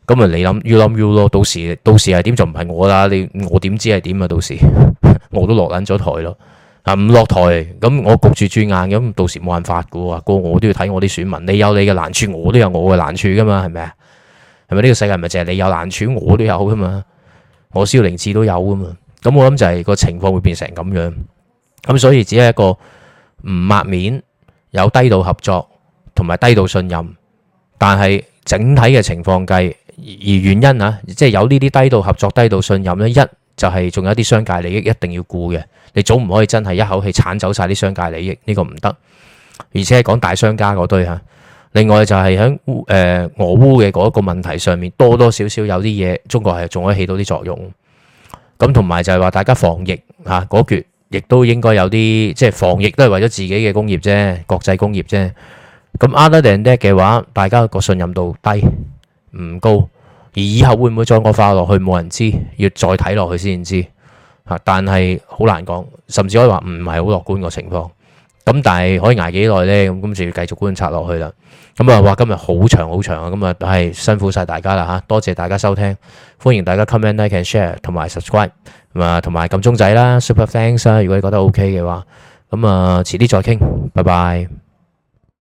咁咪，你諗要諗要咯，到時到時係點就唔係我啦，你我點知係點啊？到時我都落撚咗台咯，啊唔落台，咁我焗住轉硬，咁，到時冇 辦法噶喎，嗰個我都要睇我啲選民，你有你嘅難處，我都有我嘅難處噶嘛，係咪啊？係咪呢個世界咪淨係你有難處，我都有噶嘛？我蕭凌志都有噶嘛？咁我諗就係個情況會變成咁樣，咁所以只係一個唔抹面，有低度合作同埋低度信任，但係整體嘅情況計而原因啊，即係有呢啲低度合作、低度信任咧，一就係仲有啲商界利益一定要顧嘅，你總唔可以真係一口氣剷走晒啲商界利益，呢個唔得。而且講大商家嗰堆嚇，另外就係響誒俄烏嘅嗰一個問題上面，多多少少有啲嘢，中國係仲可以起到啲作用。咁同埋就係話大家防疫嚇嗰橛，亦都應該有啲即係防疫都係為咗自己嘅工業啫，國際工業啫。咁 other than that 嘅話，大家個信任度低唔高，而以後會唔會再惡化落去，冇人知，要再睇落去先知嚇。但係好難講，甚至可以話唔係好樂觀個情況。咁但係可以挨幾耐呢？咁就要繼續觀察落去啦。咁啊，話今日好長好長啊！咁啊，係辛苦晒大家啦嚇，多謝大家收聽。歡迎大家 comment、like and share 同埋 subscribe，同埋撳鐘仔啦，super thanks 啊！如果你覺得 OK 嘅話，咁啊遲啲再傾，拜拜。